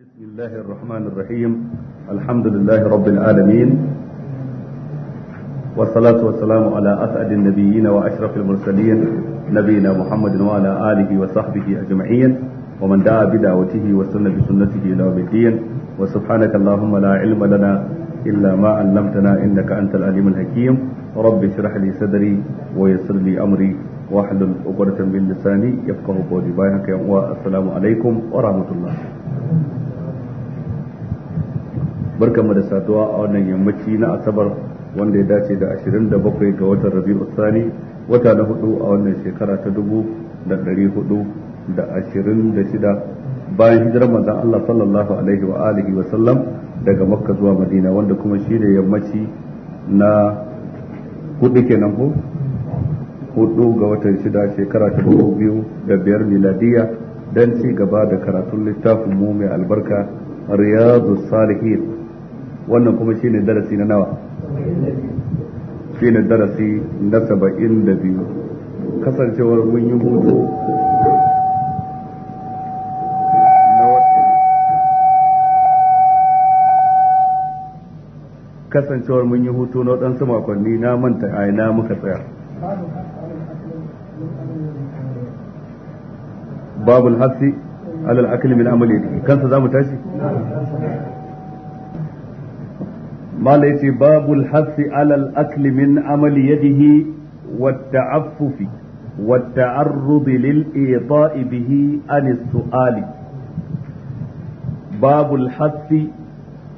بسم الله الرحمن الرحيم الحمد لله رب العالمين والصلاة والسلام على أسعد النبيين وأشرف المرسلين نبينا محمد وعلى آله وصحبه أجمعين ومن دعا بدعوته وسن بسنته إلى يوم الدين وسبحانك اللهم لا علم لنا إلا ما علمتنا إنك أنت العليم الحكيم رب اشرح لي صدري ويسر لي أمري واحلل عقدة من لساني يفقه قولي بايعك السلام عليكم ورحمة الله barkamu da saduwa a wannan yammaci na asabar wanda ya dace da 27 ga watan rabi'u Sani, wata na hudu a wannan shekara ta dubu da dari hudu da ashirin da shida bayan hijirar manzon Allah sallallahu alaihi wa alihi wa sallam daga makka zuwa madina wanda kuma shi ne yammaci na hudu kenan ko hudu ga watan shida shekara ta dubu biyu da biyar miladiya don ci gaba da karatun littafin mu mai albarka riyadu salihin wannan kuma shi ne darasi na nawa shi ne darasi na saba'in da biyu kasancewar mun yi hutu kasancewar mun yi hutu na waɗansu makonni na manta a muka tsaya babul hasi alal akli min amali kansa za mu tashi mala yace babul hasi alal akli min wadda afufi wadda an wat ta'arrud lil ita'i bihi an babul hasi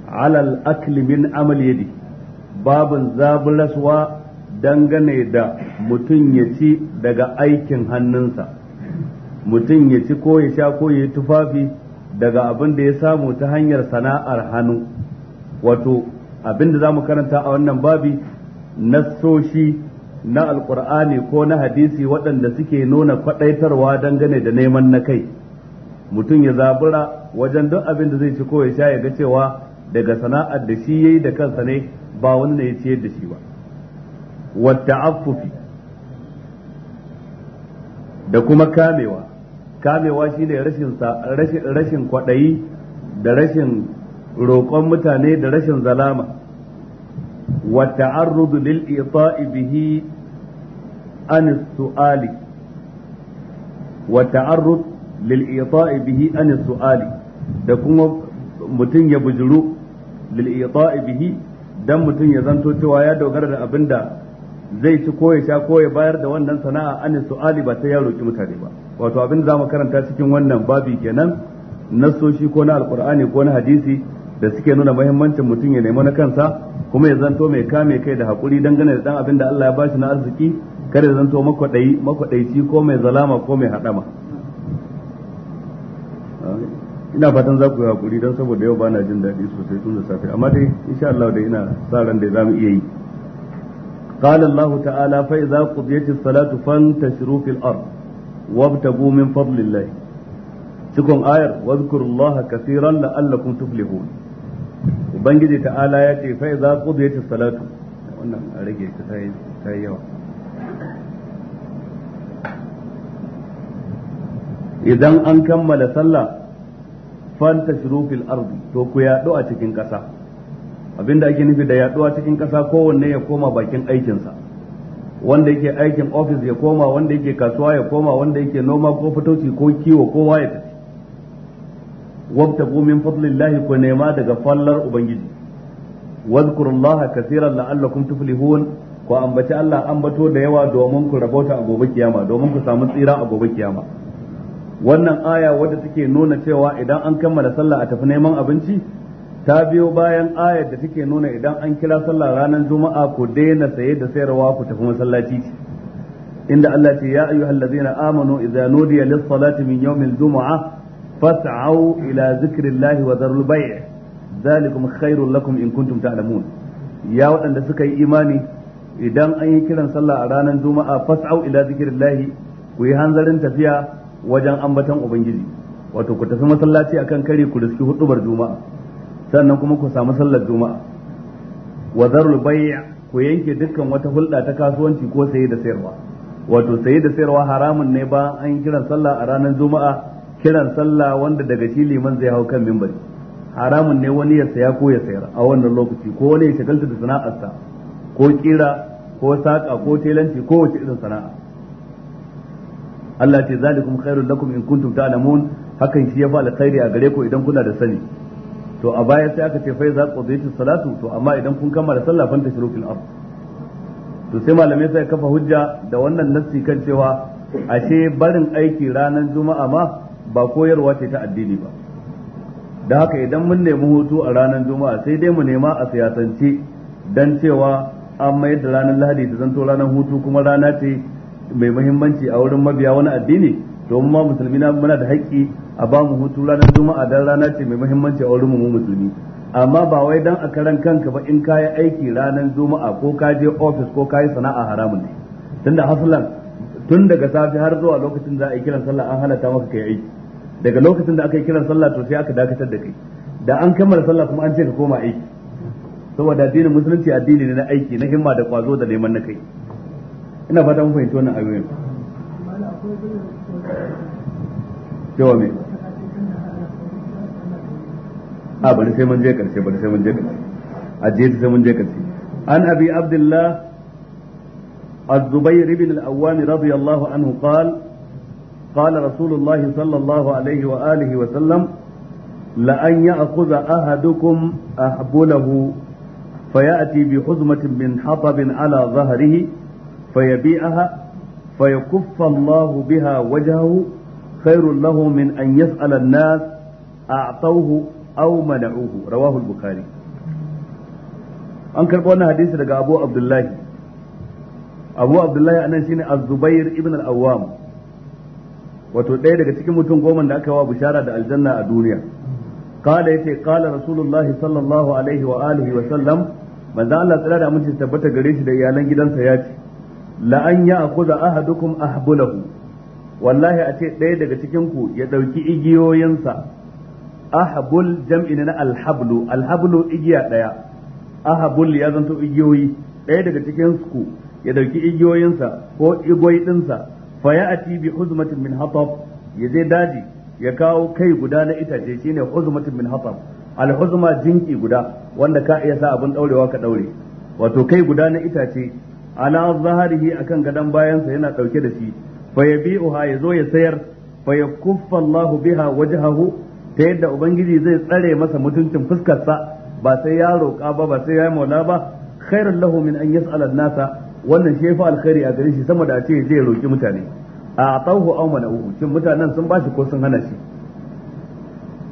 alal akli min amali yadihi babun zabulaswa dangane da mutum ya ci daga aikin hannunsa mutum ya ci ko ya sha ko ya tufafi daga abin da ya samu ta hanyar sana'ar hannu wato abinda mu karanta a wannan babi nassoshi na alkur'ani ko na hadisi waɗanda suke nuna kwaɗaitarwa gane da neman na kai mutum ya zabura wajen duk abin da zai ci ko ya sha ya ga cewa daga sana'ar da shi yayi da kansa ne ba wani ne ya ciyar da shi ba wata affufi da kuma kamewa kamewa shine rashin rashin kwaɗayi da rashin roƙon mutane da rashin zalama wa ta'arrudu lil ita'i bihi an su'ali wa ta'arrud lil ita'i bihi an su'ali da kuma mutum ya bujuru lil ita'i bihi dan mutum ya zanto cewa ya dogara da abinda zai ci ko ya sha ko ya bayar da wannan sana'a an su'ali ba ta ya roki mutane ba wato abin da zamu karanta cikin wannan babi kenan nasoshi ko na alqur'ani ko na hadisi da suke nuna muhimmancin mutum ya nemi na kansa kuma ya zanto mai kame kai da hakuri dangane da dan abin da Allah ya bashi na arziki kada ya zanto makwadai makwadaici ko mai zalama ko mai hadama ina fatan za ku yi haƙuri don saboda yau bana jin daɗi sosai tun da safe amma dai insha Allah da ina sa ran da zamu iya yi قال الله تعالى فإذا قضيت الصلاة فانتشروا في الأرض وابتغوا من فضل الله تكون آية واذكروا الله كثيرا لعلكم تفلحون ubangiji ta'ala ya ce fa zai ta salatu wannan a rage ta ta yi yawa idan an kammala sallah shi rufi ardi to ku yaɗu a cikin ƙasa abinda ake nufi da yaɗo a cikin ƙasa kowanne ya koma bakin aikinsa wanda yake aikin ofis ya koma wanda yake kasuwa ya koma wanda yake noma ko fitoci ko kiwo kowa ya tafi wabtagu min fadlillahi ku nema daga fallar ubangiji wadhkurullaha kaseeran la'allakum tuflihun ku ambaci Allah ambato da yawa domin ku rabota a gobe kiyama domin ku samu tsira a gobe kiyama wannan aya wadda take nuna cewa idan an kammala sallah a tafi neman abinci ta biyo bayan ayar da take nuna idan an kira sallah ranar juma'a ku daina saye da sayarwa ku tafi masallaci inda Allah ce ya ayyuhal ladzina amanu idza nudiya lis salati min yawmil juma'a. fas'au ila zikrillahi wa dharul bay' zalikum khairul lakum in kuntum ta'lamun ya waɗanda suka yi imani idan an yi kiran sallah a ranar juma'a fas'au ila zikrillahi ku yi hanzarin tafiya wajen ambaton ubangiji wato ku tafi masallaci akan kare ku riski hudubar juma'a sannan kuma ku samu sallar juma'a wa zarul bay'a ku yanke dukkan wata hulɗa ta kasuwanci ko saye da sayarwa wato saye da sayarwa haramun ne ba an yi kiran sallah a ranar juma'a kiran sallah wanda daga shi liman zai hau kan mimbari haramun ne wani ya saya ko ya sayar a wannan lokaci ko wani ya shagalta da sana'arsa ko kira ko saƙa ko telanci ko wace irin sana'a Allah ce zalikum khairul lakum in kuntum ta'lamun hakan shi ya ba alkhairi a gare ku idan kuna da sani to a baya sai aka ce fa za ku zai salatu to amma idan kun kammala sallah fanta shiru fil to sai malamai sai kafa hujja da wannan nassi kan cewa ashe barin aiki ranar juma'a ma ba koyarwa ce ta addini ba da haka idan mun nemi hutu a ranar juma'a sai dai mu nema a siyasance dan cewa an mayar da ranar lahadi ta zanto ranar hutu kuma rana ce mai muhimmanci a wurin mabiya wani addini to mu ma musulmi na muna da haƙƙi a ba mu hutu ranar juma'a dan rana ce mai muhimmanci a wurin mu musulmi amma ba wai dan a karan kanka ba in kayi aiki ranar juma'a ko ka je office ko ka yi sana'a haramun ne tunda hasulan tun daga safe har zuwa lokacin za a yi kiran sallah an halatta maka kai aiki daga lokacin da aka yi kiran sallah to sai aka dakatar da kai da an kammala sallah kuma an ce ka koma aiki saboda addinin musulunci addini ne na aiki na himma da kwazo da neman na kai ina fata mun fahimci wannan ayoyin cewa me a bari sai mun je karshe bari sai mun je karshe ajiye sai mun je karshe an abi abdullah الزبير بن الأوام رضي الله عنه قال قال رسول الله صلى الله عليه وآله وسلم لأن يأخذ أحدكم أحبله فيأتي بحزمة من حطب على ظهره فيبيعها فيكف الله بها وجهه خير له من أن يسأل الناس أعطوه أو منعوه رواه البخاري أنكر قلنا حديث لك أبو عبد الله abu abdullahi a nan shine azubair ibn al-awwam wato ɗaya daga cikin mutum goma da aka wa bishara da aljanna a duniya قال kala قال sallallahu alaihi wa alihi wa sallam manzo gare ذا da iyalan gidansa ya ce. La'anya a gidan sa yace la an ya'khudha ahadukum ahbulahu wallahi a ce ɗaya daga cikin ku ya ɗauki igiyoyinsa ahbul jam'i na alhablu alhablu igiya ɗaya ahbul ya zanto igiyoyi ɗaya daga cikin ku ya dauki igiyoyinsa ko igoyi dinsa fa ya'ti bi huzmatin min hatab ya je daji ya kawo kai guda na itace shine huzmatin min hatab al huzma jinki guda wanda ka iya sa abin daurewa ka daure wato kai guda na itace ala zaharihi akan gadan bayansa yana dauke da shi fa ya yabi'uha ya zo ya sayar fa yakuffa Allahu biha wajhahu ta yadda ubangiji zai tsare masa mutuncin fuskarsa ba sai ya roƙa ba ba sai ya yi maula ba khairul lahu min an yas'ala an-nasa wannan shi yafi alkhairi a gare shi sama da a ce zai roki mutane a atahu aw mana'uhu kin mutanen sun bashi ko sun hana shi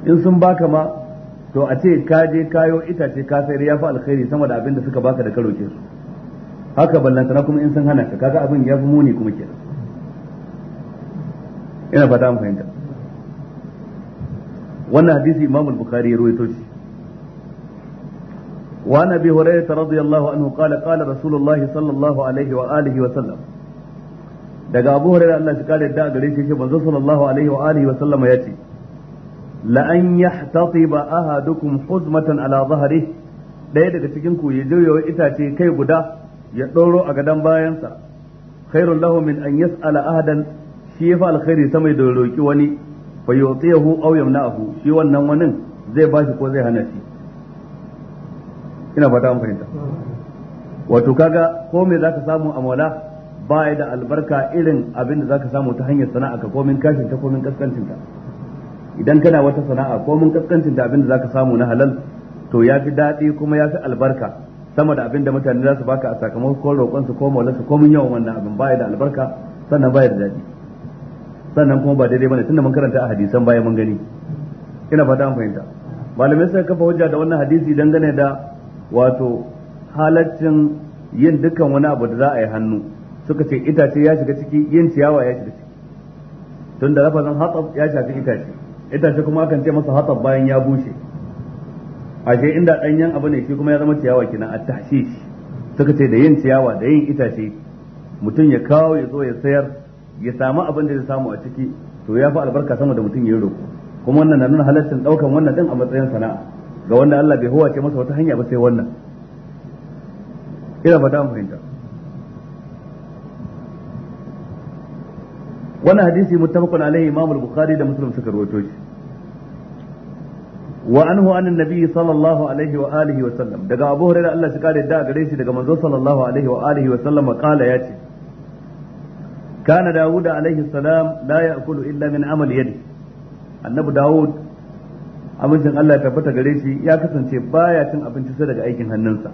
in sun baka ma to a ce ka je kayo itace ka sayar yafi alkhairi sama da abin da suka baka da ka roke su haka na kuma in sun hana ka kaga abin yafi muni kuma kenan ina fata mun fahimta wannan hadisi imam bukhari ya ruwaito shi وعن ابي هريره رضي الله عنه قال قال رسول الله صلى الله عليه واله وسلم daga abu hurairah Allah shi kare da gare shi manzo sallallahu alaihi wa alihi wa sallama yace la ba yahtatiba ahadukum huzmatan daya daga cikin ku ya juyo itace kai guda ya doro a gadan bayansa khairul lahu min an yas'ala ahadan shi yafi alkhairi sama da roki wani fa yutihu aw yamna'ahu shi wannan wani zai bashi ko zai hana shi ina fata an fahimta wato kaga ko me zaka samu a maula ba da albarka irin abin da zaka samu ta hanyar sana'a ka komin kashin ta komin kaskancin ta idan kana wata sana'a komin kaskancin ta abin da zaka samu na halal to ya fi daɗi kuma ya fi albarka sama da abin da mutane za su baka a sakamakon roƙon su ko maulan su komin yawan wannan abin ba da albarka sannan ba da daɗi sannan kuma ba daidai bane tunda mun karanta a hadisan baya mun gani ina fata an fahimta malamai suka kafa hujja da wannan hadisi dangane da wato halaccin yin dukkan wani abu da za a yi hannu suka ce itace ya shiga ciki yin ciyawa ya shiga ciki tun da rafazan hatsab ya shafi itace itace kuma akan ce masa hatsab bayan ya bushe ashe inda danyen abu ne shi kuma ya zama ciyawa kina a shi suka ce da yin ciyawa da yin itace mutum ya kawo ya zo ya sayar ya samu abin da ya samu a ciki to ya fi albarka sama da mutum ya yi roƙo kuma wannan na nuna halaccin ɗaukan wannan ɗin a matsayin sana'a ga wanda Allah bai huwace masa wata hanya ba sai wannan ina fata mu fahimta wannan hadisi muttafaqun alaihi imam al-bukhari da muslim suka rawaito shi wa anhu anan nabi sallallahu alaihi wa alihi wa sallam daga abu hurairah Allah shi kare da gare shi daga manzo sallallahu alaihi wa alihi wa sallam kala yace kana dawud alaihi salam la ya'kulu illa min amali yadi annabi dawud amincin Allah ya tabbata gare shi ya kasance baya cin abinci sai daga aikin hannunsa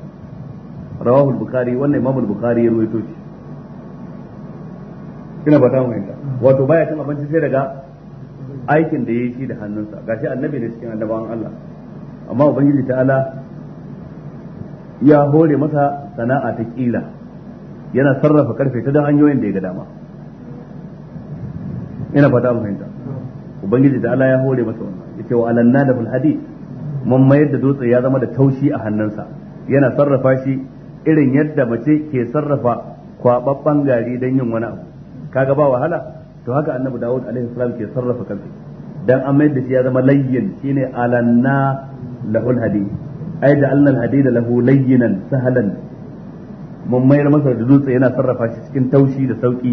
rawahu al-bukhari wannan imamu al-bukhari ya ruwaito shi ina ba ta mu fahimta wato baya cin abinci sai daga aikin da yayi shi da hannunsa gashi annabi ne cikin annabawan Allah amma ubangiji ta'ala ya hore masa sana'a ta kila yana sarrafa karfe ta da hanyoyin da ya ga dama ina fata mu fahimta ubangiji ta'ala ya hore masa wannan yake wa alanna da hadid mun mayar da dutse ya zama da taushi a hannunsa yana sarrafa shi irin yadda mace ke sarrafa kwababban gari don yin wani abu kaga ba wahala to haka annabi dawud alaihi salam ke sarrafa kansa dan an mayar da shi ya zama layyin shine alanna lahul hadid ai da annal hadida lahu layyinan sahalan mun mayar masa da dutse yana sarrafa shi cikin taushi da sauki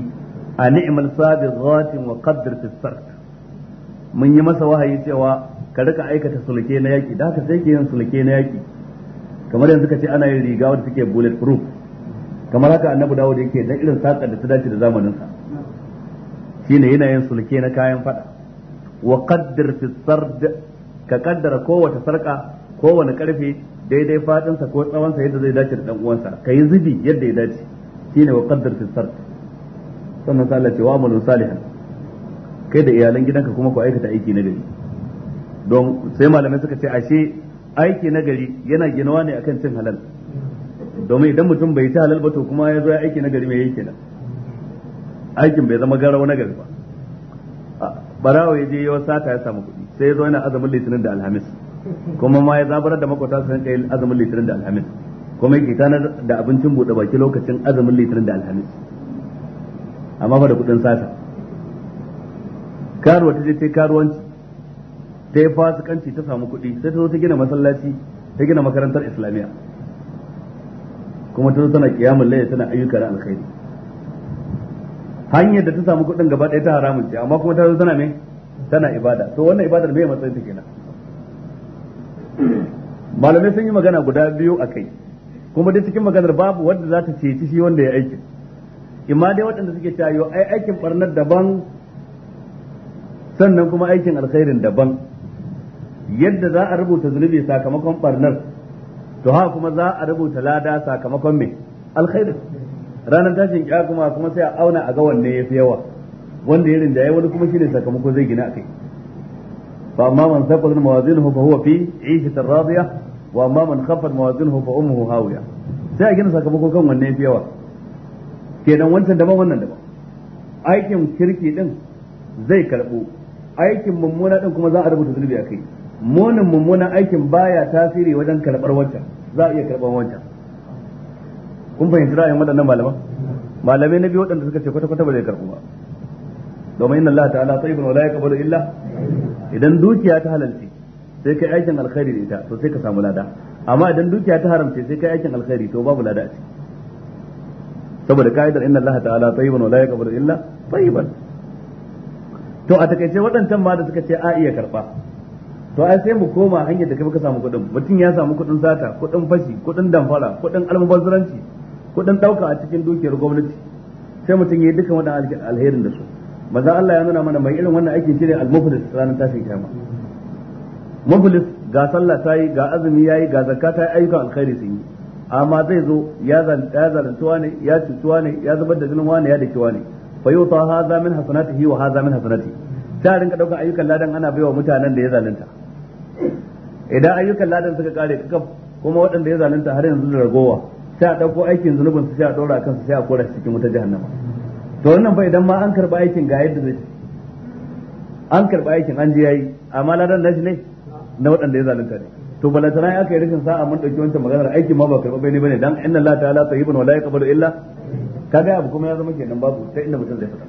a ni'mal sabighatin wa qadr fi sarf mun yi masa wahayi cewa ka rika aikata sulke na yaki da haka sai ke yin sulke na yaki kamar yanzu ka ce ana yin riga wanda suke bullet proof kamar haka annabi da yake da irin sakar da ta dace da zamanin sa shine yana yin sulke na kayan fada wa qaddar fi sard ka kaddara kowace sarka kowane karfe daidai fadin sa ko tsawon sa yadda zai dace da dan uwansa ka yi zubi yadda ya dace shine wa qaddar fi sard sannan sai Allah ce wa amalu kai da iyalan gidanka kuma ku aikata aiki na gari don sai malamai suka ce ashe aiki na gari yana ginawa ne akan cin halal domin idan mutum bai ci halal ba to kuma ya zo ya aiki na gari mai yake nan aikin bai zama garau na gari ba barawa ya je yau sata ya samu kuɗi sai ya zo yana azumin litinin da alhamis kuma ma ya zabarar da makwata su rinka yin azumin litinin da alhamis kuma yake tanar da abincin buɗe baki lokacin azumin litinin da alhamis amma ba da kuɗin sata karuwa ta je ta karuwanci ta yi fasikanci ta samu kuɗi sai ta zo ta gina masallaci ta gina makarantar islamiyya kuma ta zo tana kiyamun laye tana ayyuka na alkhairi hanyar da ta samu kuɗin gaba ɗaya ta haramun ce amma kuma ta zo tana me tana ibada to wannan ibadar me matsayin ta kenan malamai sun yi magana guda biyu a kai kuma dai cikin maganar babu wanda za ta ceci shi wanda ya aikin imma dai waɗanda suke cewa ai aikin barnar daban sannan kuma aikin alkhairin daban yadda za a rubuta zunubi sakamakon barnar to ha kuma za a rubuta lada sakamakon mai alkhairin ranar tashin kya kuma kuma sai a auna a ga wanne ya fi yawa wanda ya rinjaye wani kuma shine sakamako zai gina kai fa amma man saqala mawazinuhu fa huwa fi 'ishatin radiyah wa amma man khaffat mawazinuhu fa ummuhu hawiya sai a gina sakamako kan wanne ya fi yawa kenan wancan daban wannan daban aikin kirki din zai karbu aikin mummuna din kuma za a rubuta zunubi kai, munin mummunan aikin baya tasiri wajen karɓar wancan za a iya karɓar wancan kun fahimci ra'ayin waɗannan malaman malamai na biyu waɗanda suka ce kwata kwata ba zai karɓu ba domin inna Allah ta'ala tayyibun wala yaqbalu illa idan dukiya ta halalci sai kai aikin alkhairi da ita to sai ka samu lada amma idan dukiya ta haramce sai kai aikin alkhairi to babu lada a ciki saboda ka'idar inna Allah ta'ala tayyibun wala yaqbalu illa tayyiban to a takaice waɗancan ma da suka ce a iya karɓa to ai sai mu koma hanyar da kai ka samu kuɗin mutum ya samu kuɗin sata kuɗin fashi kuɗin damfara kuɗin almubazzaranci kuɗin ɗauka a cikin dukiyar gwamnati sai mutum ya yi dukkan waɗannan alherin da su maza Allah ya nuna mana mai irin wannan aikin shi al-muflis ranar tashin kyama muflis ga sallah ta yi ga azumi ya yi ga zakka ta yi ayyukan alkhairi sun yi amma zai zo ya zalunci ne ya cutuwa ne ya zubar da jinin wane ya daki wane fa hadha min hasanatihi wa hadha min hasanati sai rinka daukan ayyukan ladan ana baiwa mutanen da ya zalunta idan ayyukan ladan suka kare kaka kuma waɗanda ya zalunta har yanzu da ragowa sai a dauko aikin zunubin su sai a dora kansu sai a kora cikin wata jahannama to wannan fa idan ma an karba aikin ga yadda zai an karba aikin an je yayi amma ladan nashi ne na waɗanda ya zalunta ne to balantana ya kai rashin sa'a mun dauki wancan maganar aikin ma ba karba bai ne bane dan inna Allah ta'ala tayyibun wa la yaqbalu illa kaga abu kuma ya zama kenan babu ta inda mutum zai fita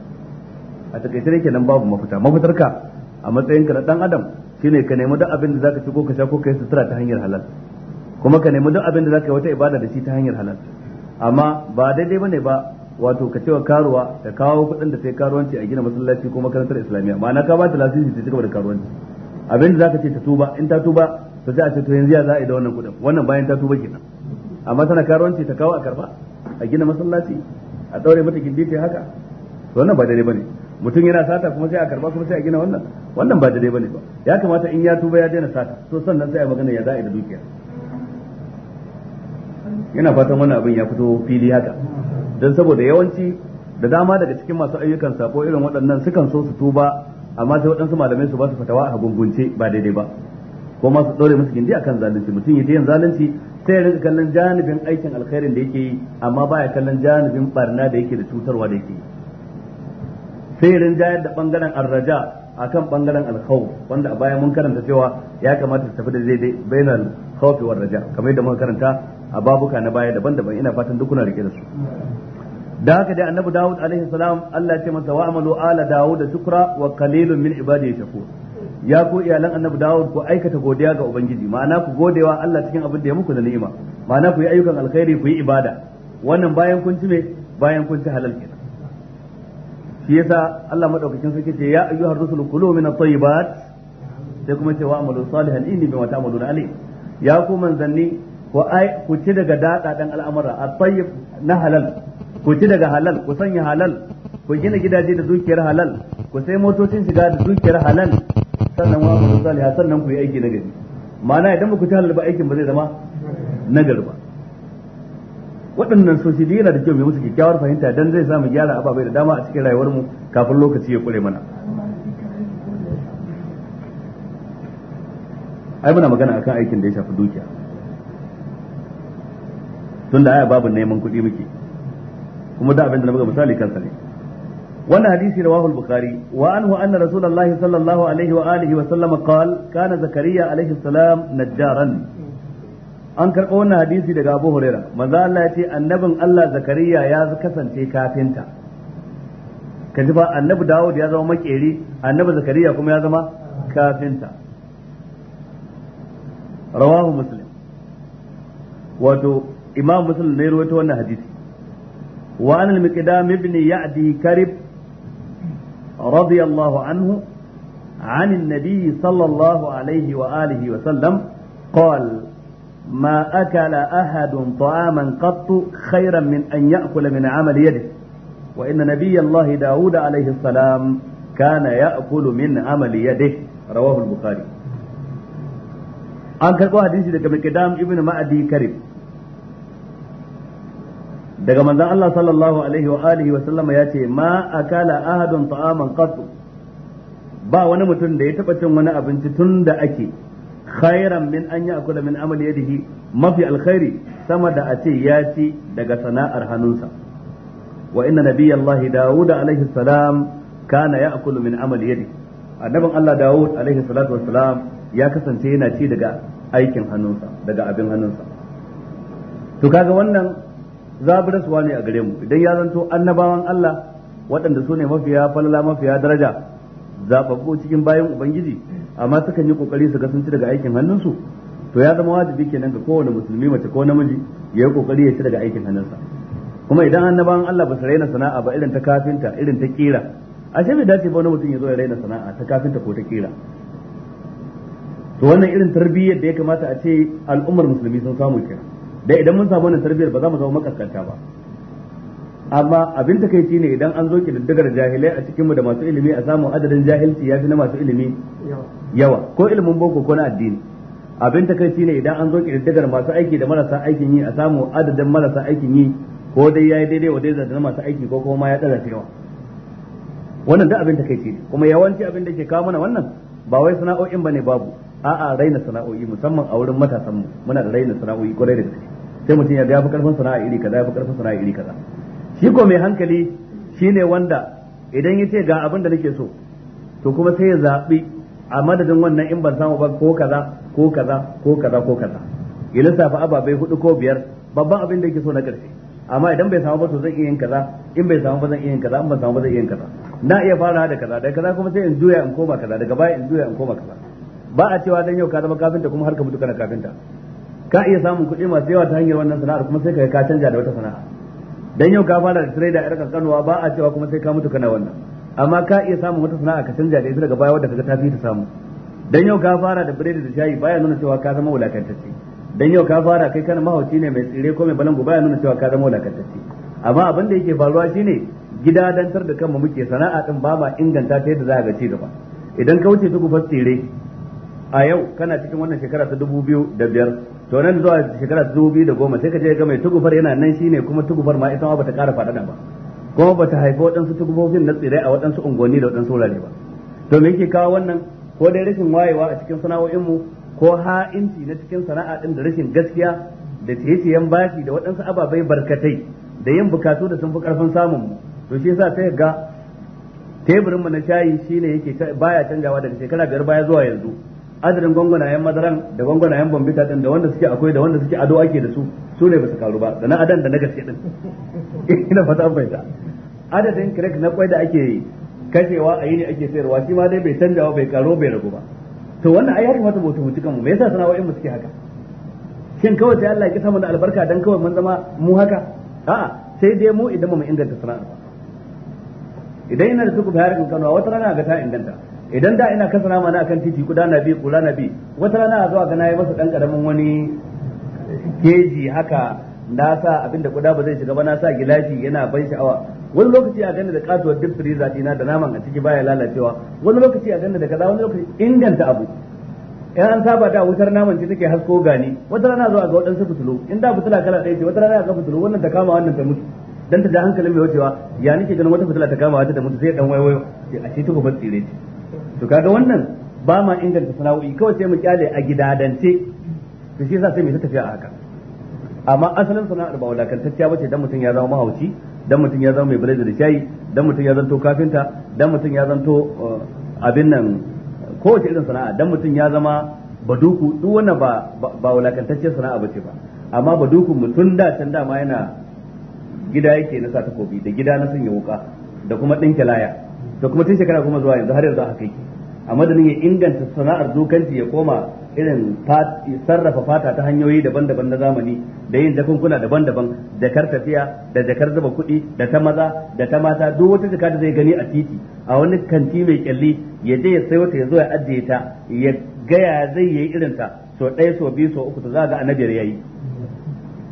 a takaice ne kenan babu mafita mafitar ka a matsayinka na dan adam shine ka nemi duk abin da zaka ci ko ka sha ko ka yi sutura ta hanyar halal kuma ka nemi duk abin da zaka yi wata ibada da shi ta hanyar halal amma ba daidai bane ba wato ka cewa karuwa ka kawo kuɗin da sai karuwanci a gina masallaci ko makarantar islamiyya ma'ana ka ba ta lasisi ta cigaba da karuwanci abin da zaka ce ta tuba in ta tuba ta sai a ce to yanzu ya za a yi da wannan kuɗin wannan bayan ta tuba kenan amma tana karuwanci ta kawo a karba a gina masallaci a daure mata gindi haka wannan ba daidai bane mutum yana sata kuma sai a karba kuma sai a gina wannan wannan ba daidai bane ba ya kamata in ya tuba ya daina sata to sannan sai a magana ya za'a da dukiya yana fatan wannan abin ya fito fili haka don saboda yawanci da dama daga cikin masu ayyukan sako irin waɗannan sukan so su tuba amma sai waɗansu malamai su ba su fatawa a gungunce ba daidai ba ko ma su dore musu gindi akan zalunci mutum yaje yin zalunci sai ya rinka kallon janibin aikin alkhairin da yake yi amma baya kallon janibin barna da yake da cutarwa da yake yi sai ya rinjayar da bangaren arraja akan bangaren alkhawf wanda a baya mun karanta cewa ya kamata su tafi da daidai bainal khawf wal raja kamar yadda muka karanta a babuka na baya daban-daban ina fatan duk kuna rike da su da haka dai annabi Dawud alaihi salam Allah ya ce masa wa amalu ala Dawud shukra wa qalilun min ibadi yashkur ya ku iyalan annabi Dawud ku aikata godiya ga ubangiji ma'ana ku godewa Allah cikin abin da ya muku da ni'ima ma'ana ku yi ayyukan alkhairi ku yi ibada wannan bayan kun ci me bayan kun ci halal kenan shi yasa Allah madaukakin sarki ce ya ayyuhar rusul kulu min at-tayyibat sai kuma ce wa amalu salihan inni bima ta'maluna alim ya ku manzanni ku ai ku ci daga dadadan al'amura at-tayyib na halal ku ci daga halal ku sanya halal ku gina gidaje da dukiyar halal ku sai motocin shiga da dukiyar halal sannan wa ku ha sannan ku yi aiki na gari ma'ana idan ba ku ci halal ba aikin ba zai zama gari ba waɗannan sojoji yana da kyau mai musu kyakkyawar fahimta dan zai samu gyara ababai da dama a cikin rayuwar mu kafin lokaci ya kure mana ai muna magana akan aikin da ya shafi dukiya tunda aya babu neman kuɗi muke kuma da abin da na buga misali kansa ne wannan hadisi rawahu al-bukhari wa anhu anna rasulullahi sallallahu alaihi wa alihi wa sallam qala kana zakariya alaihi salam najjaran an karɓo wannan hadisi daga Abu Huraira manzo Allah ya ce annabin Allah Zakariya ya kasance kafinta kaji ba annabi Dawud ya zama makeri annabi Zakariya kuma ya zama kafinta rawahu muslim wato imam muslim ne rawaito wannan hadisi وعن المقدام ابن يعدي كرب رضي الله عنه عن النبي صلى الله عليه وآله وسلم قال ما أكل أحد طعاما قط خيرا من أن يأكل من عمل يده وإن نبي الله داود عليه السلام كان يأكل من عمل يده رواه البخاري an karɓo hadisi لك مكدام ابن معدي كريم daga manzon Allah sallallahu alaihi wa alihi wa sallama ya ce ma akala ahadun ta'aman qat ba wani mutum da ya taba cin wani abinci tun da ake khairan min an ya'kula min amali yadihi mafi alkhairi sama da a ce ya ci daga sana'ar hannunsa wa inna nabiyallahi dawud alaihi salam kana ya'kulu min amali yadihi annabin Allah dawud alaihi salatu wassalam ya kasance yana ci daga aikin hannunsa daga abin hannunsa to kaga wannan zaburaswa ne a gare mu idan ya zanto annabawan Allah waɗanda su ne mafiya falala mafiya daraja zababbu cikin bayan ubangiji amma sukan yi kokari su ga sun ci daga aikin hannunsu to ya zama wajibi kenan ga kowane musulmi mace ko namiji ya yi kokari ya ci daga aikin hannunsa kuma idan annabawan Allah ba su raina sana'a ba irin ta kafinta irin ta kira ashe bai dace ba wani mutum ya zo ya raina sana'a ta kafinta ko ta kira to wannan irin tarbiyyar da ya kamata a ce al'ummar musulmi sun samu kenan dan idan mun samu wannan tarbiyar ba za mu zama makaskanta ba amma abin ta kai ne idan an zo kididdigar jahilai a cikinmu da masu ilimi a samu adadin jahilci ya fi na masu ilimi yawa ko ilimin boko ko na addini abin ta kai ne idan an zo kididdigar masu aiki da marasa aikin yi a samu adadin marasa aikin yi ko dai ya yi daidai wa daidai da masu aiki ko kuma ya tsara yawa wannan da abin ta kai ne kuma yawanci abin da ke kawo mana wannan ba wai sana'o'in bane babu a'a raina sana'o'i musamman a wurin matasanmu muna da raina sana'o'i kwarai da gaske sai mutum ya ga yafi karfin sana'a iri kaza yafi karfin sana'a iri kaza shi ko mai hankali shine wanda idan ya ce ga abin da nake so to kuma sai ya zaɓi a madadin wannan in ban samu ba ko kaza ko kaza ko kaza ko kaza ya lissafa ababe hudu ko biyar babban abin da yake so na ƙarshe amma idan bai samu ba to zan iya yin kaza in bai samu ba zan iya yin kaza in ban samu ba zan iya yin kaza na iya fara da kaza da kaza kuma sai in juya in koma kaza daga baya in juya in koma kaza ba a cewa dan yau ka zama kafinta kuma har ka mutu kana kafinta ka iya samun kuɗi masu yawa ta hanyar wannan sana'ar kuma sai ka ka canja da wata sana'a dan yau ka fara da trader yar kankanuwa ba a cewa kuma sai ka mutu kana wannan amma ka iya samun wata sana'a ka canja da ita daga baya wadda kaga ta fi ta samu dan yau ka fara da biredi da shayi baya nuna cewa ka zama wulakantacce dan yau ka fara kai kana mahauci ne mai tsire ko mai balangu baya nuna cewa ka zama wulakantacce amma abin da yake faruwa shine gida dantar da kanmu muke sana'a din ba ma inganta ta yadda za a ga ci gaba idan ka wuce ta fa tsire a yau kana cikin wannan shekara ta dubu biyu da biyar to nan zuwa shekara ta dubu biyu da goma sai ka je ga mai tugufar yana nan shine kuma tugufar ma ita ma bata ƙara faɗaɗa ba kuma bata haifi waɗansu tugufofin na tsirai a waɗansu unguwanni da waɗansu wurare ba to me yake kawo wannan ko dai rashin wayewa a cikin sana'o'inmu ko ha'inci na cikin sana'a din da rashin gaskiya da ciye-ciyen bashi da waɗansu ababai barkatai da yin bukatu da sun fi ƙarfin samun mu to shi yasa sai ga teburin mu na shayi shine yake baya canjawa daga shekara biyar baya zuwa yanzu adadin gwangwanayen madaran da gwangwanayen bambita din da wanda suke akwai da wanda suke ado ake da su su ne ba su karu ba da na adan da na gaske din ina fata an fahimta adadin crack na kwai da ake kashewa a yi ne ake sayarwa shi ma dai bai canjawa bai karo bai ragu ba to wannan ai mata kamata mutu tuhunci kanmu me yasa sana'o'in mu suke haka shin kawai sai Allah ya kisa mana albarka dan kawai mun zama mu haka a'a sai dai mu idan mu inganta sana'a idan ina da suku bayar kan kanwa wata rana ga ta inganta idan da ina kasa mana akan titi kuda na bi kula na bi wata rana a zuwa ga na yi masa dan karamin wani keji haka na sa abinda kuda ba zai shiga ba na sa gilashi yana ban sha'awa wani lokaci a gani da katuwar duk firiza dina da naman a ciki baya lalacewa wani lokaci a gani da kaza wani lokaci inganta abu yan an saba da wutar naman ce take hasko gani wata rana zuwa ga waɗansu fitulu in da fitula kala ɗaya ce wata rana ga fitulu wannan ta kama wannan ta mutu dan ta da hankalin mai wucewa ya nake ganin wata fitula ta kama wata ta mutu sai dan waiwayo a ce ta gobe tsire ce to kaga wannan ba ma inganta sana'o'i kawai sai mu kyale a gidadance to shi yasa sai mu ta tafiya a haka amma asalin sana'ar ba wadatacciya bace dan mutum ya zama mahauci dan mutum ya zama mai biredi da shayi dan mutum ya zanto kafinta dan mutum ya zanto eh, abin nan kowace irin sana'a dan mutum ya zama baduku duk wannan ba ba wulakantacciyar sana'a bace ba amma baduku mutum da can dama yana gida yake na sa takobi da gida na sanya wuka da kuma ɗinke laya da kuma tun shekara kuma zuwa yanzu har yanzu haka yake a madadin ya inganta sana'ar dukanci ya koma irin sarrafa fata ta hanyoyi daban-daban na zamani da yin jakunkuna daban-daban jakar tafiya da jakar zuba kuɗi da ta maza da ta mata duk wata jaka da zai gani a titi a wani kanti mai kyalli ya je ya sai wata ya zo ya ajiye ta ya gaya zai yi irinta ta so ɗaya sau biyu so uku to za ga annabiyar yayi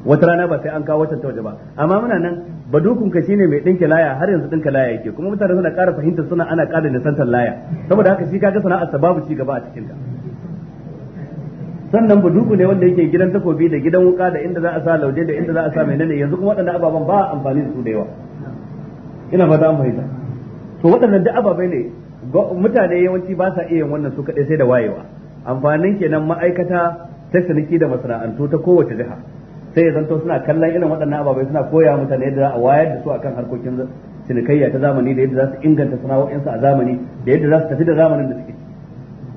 wata rana ba sai an kawo watan ta waje ba amma muna nan badukun ka shine mai dinka laya har yanzu dinka laya yake kuma mutane suna ƙara fahimtar suna ana ƙara nisantar laya saboda haka shi kaga sana'ar sa babu ci gaba a cikin ta sannan baduku ne wanda yake gidan takobi da gidan wuka da inda za a sa lauje da inda za a sa menene yanzu kuma waɗannan ababen ba amfani da su da yawa ina fata an fahimta to waɗannan duk ababai ne mutane yawanci ba sa iya wannan su kaɗai sai da wayewa amfanin kenan ma'aikata ta da masana'antu ta kowace jiha sai ya zanto suna kallon irin waɗannan ababai suna koya mutane yadda za a wayar da su akan harkokin cinikayya ta zamani da yadda za su inganta sana'o'insu a zamani da yadda za su tafi da zamanin da suke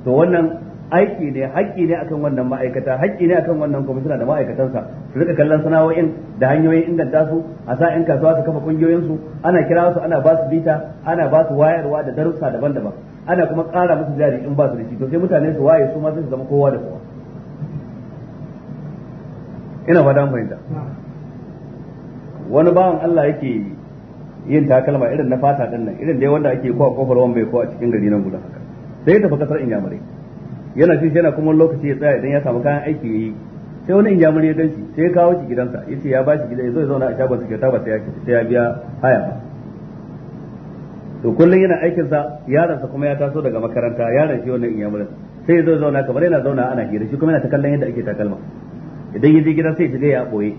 to wannan aiki ne haƙƙi ne akan wannan ma'aikata haƙƙi ne akan wannan kwamishina da ma'aikatansa su rika kallon sana'o'in da hanyoyin inganta su a sa in kasuwa su kafa su ana kira su ana ba su bita ana ba su wayarwa da darussa daban-daban ana kuma ƙara musu jari in ba su da shi to sai mutane su waye su ma sai su zama kowa da kowa ina ba mai da wani bawan Allah yake yin takalma irin na fata din nan irin dai wanda ake ko a kofar wani ko a cikin gari nan gudan haka sai ya tafi kasar inyamurai yana shi yana kuma lokaci ya tsaya idan ya samu kayan aiki yayi sai wani inyamurai ya ganshi sai ya kawo shi gidansa yace ya bashi gida ya zo ya zauna a shagon sa ta ba sai ya sai ya biya haya ba to kullum yana aikin sa yaron sa kuma ya taso daga makaranta yaron shi wannan inyamurai sai ya zo zauna kamar yana zauna ana hira shi kuma yana ta kallon yadda ake takalma idan ya je gida sai shiga ya boye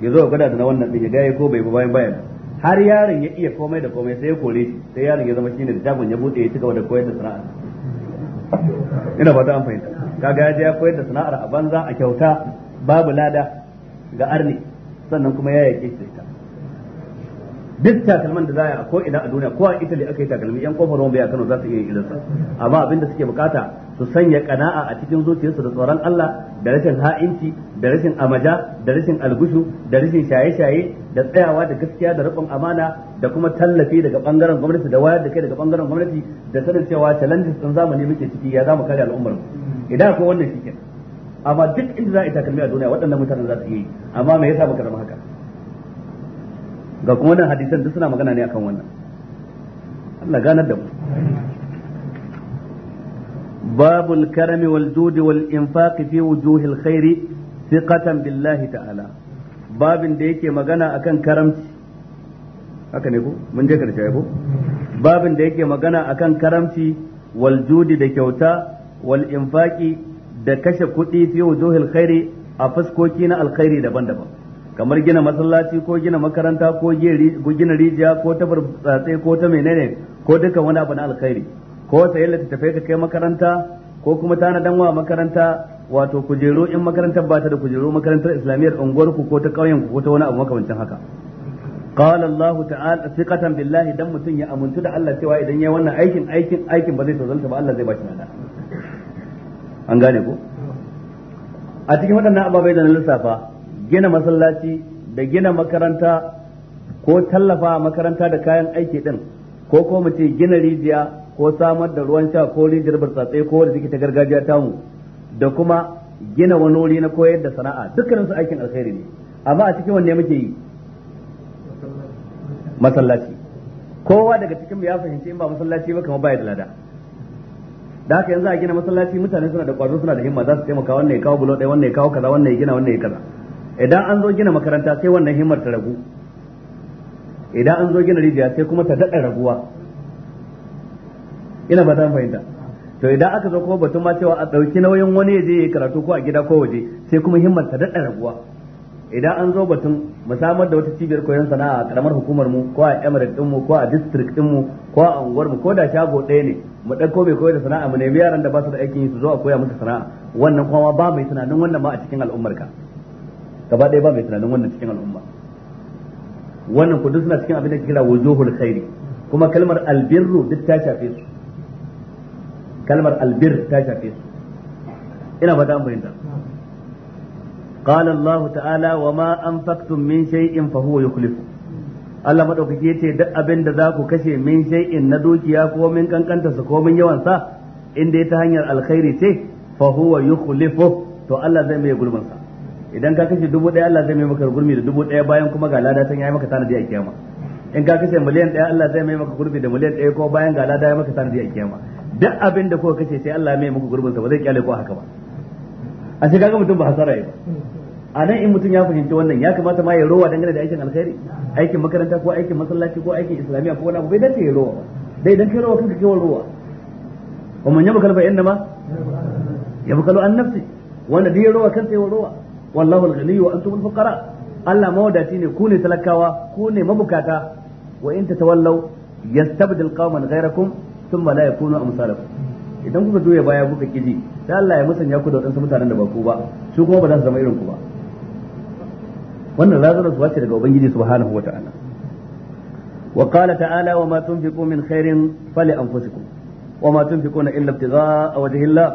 ya zo gwada da na wannan din ya ga ko bai bayan bayan har yaron ya iya komai da komai sai ya kore shi sai yaron ya zama shine da jagon ya bude ya ci gaba da koyar da sana'a ina fata an fahimta kaga ya je ya koyar da sana'ar a banza a kyauta babu lada ga arni sannan kuma ya yake shi duk takalman da za a ko ina a duniya ko a Italy aka yi takalmi yan kofar Roma ya Kano za su iya yin sa amma abin da suke bukata su sanya kana'a a cikin zuciyarsu da tsoron Allah da rashin ha'inci da rashin amaja da rashin algushu da rashin shaye-shaye da tsayawa da gaskiya da riƙon amana da kuma tallafi daga bangaren gwamnati da wayar da kai daga bangaren gwamnati da sanin cewa challenges din zamani muke ciki ya zamu kare al'ummar idan akwai wannan shi amma duk inda za a yi takalmi a duniya waɗannan mutanen za su yi amma me yasa muka zama haka ga kuma wannan hadisan duk suna magana ne akan wannan Allah ganar da mu باب الكرم والجود والإنفاق في وجوه الخير ثقة بالله تعالى باب da yake magana akan karamci haka ne ko mun je karshe ko babin da yake magana akan karamci wal judi da kyauta wal infaqi da kashe kudi fi wujuhil khairi a fuskoki na alkhairi daban-daban kamar gina masallaci ko gina makaranta ko gina rijiya ko tabar tsatsai ko ta menene ko duka wani abu na alkhairi ko sayan littattafai ka kai makaranta ko kuma tanadan wa makaranta wato kujeru in makarantar ba ta da kujeru makarantar islamiyyar unguwarku ko ta ƙauyen ku ko ta wani abu makamancin haka qala Allah ta'ala thiqatan billahi dan mutun ya amuntu da Allah cewa idan yayi wannan aikin aikin aikin ba zai tazalta ba Allah zai ba shi nada an gane ko a cikin waɗannan ababai da na lissafa gina masallaci da gina makaranta ko tallafa makaranta da kayan aiki din ko ko mu ce gina rijiya ko samar da ruwan sha ko rijiyar burtsatse ko wanda suke ta gargajiya tamu da kuma gina wani wuri na koyar da sana'a dukkanin su aikin alkhairi ne amma a cikin wanne muke yi masallaci kowa daga cikin mu ya fahimci in ba masallaci ba kamar baya da lada da haka yanzu a gina masallaci mutane suna da kwazo suna da himma za su taimaka wannan ya kawo bulo ɗaya wannan ya kawo kaza wannan ya gina wannan ya kaza idan an zo gina makaranta sai wannan himmar ta ragu idan an zo gina rijiya sai kuma ta daɗa raguwa ina ba ta fahimta to idan aka zo kuma batun ma cewa a ɗauki nauyin wani ya je karatu ko a gida ko waje sai kuma himmar ta daɗa raguwa idan an zo batun mu samar da wata cibiyar koyon sana'a a karamar hukumar mu ko a emirate din mu ko a district din mu ko a unguwar mu ko da shago ɗaya ne mu ɗauko mai koyar da sana'a mu nemi yaran da ba su da aikin yi su zo a koya musu sana'a wannan kuma ba mai tunanin wannan ma a cikin al'ummar ka gaba ɗaya ba mai tunanin wannan cikin al'umma wannan ku duk suna cikin abin da kira wujuhul khairi kuma kalmar albirru duk ta shafe su kalmar albir ta shafe su ina fata an bayyana قال الله تعالى وما min من شيء فهو يخلفه Allah madaukaki yace duk abin da za ku kashe min shay'in na dukiya ko min kankanta su ko min yawan sa in dai ta hanyar alkhairi ce fa huwa yukhlifu to Allah zai mai gurbin sa idan ka kashe dubu ɗaya Allah zai mai maka gurbi da dubu ɗaya bayan kuma ga lada ta yayi maka tanadi a kiyama in ka kashe miliyan ɗaya Allah zai mai maka gurbi da miliyan ɗaya ko bayan ga lada ya maka tanadi a kiyama duk abin da kuka kace sai Allah mai muku gurbin sa ba zai kyale ku haka ba a ce kaga mutum ba hasara yi ba a nan in mutum ya fahimci wannan ya kamata ma ya rowa dangane da aikin alkhairi aikin makaranta ko aikin masallaci ko aikin islamiyya ko wani abu bai dace ya rowa ba dai idan kai rowa kanka kai rowa wa man yabkal fa inna ma yabkalu an nafsi wanda duk ya rowa kansa ya rowa wallahu al-ghani wa antum al-fuqara Allah mawadati ne ku ne talakawa ku ne mabukata wa in tatawallaw yastabdil qauman ghayrakum sun mala ya kuno idan kuka juya baya kuka kiji sai Allah ya musanya ku da wadansu mutanen da ba ku ba su kuma ba za su zama irin ku ba wannan razana su ce daga ubangiji subhanahu wata'ala wa qala ta'ala wa ma tunfiqu min khairin fali anfusikum wa ma tunfiquna illa ibtigha'a wajhi Allah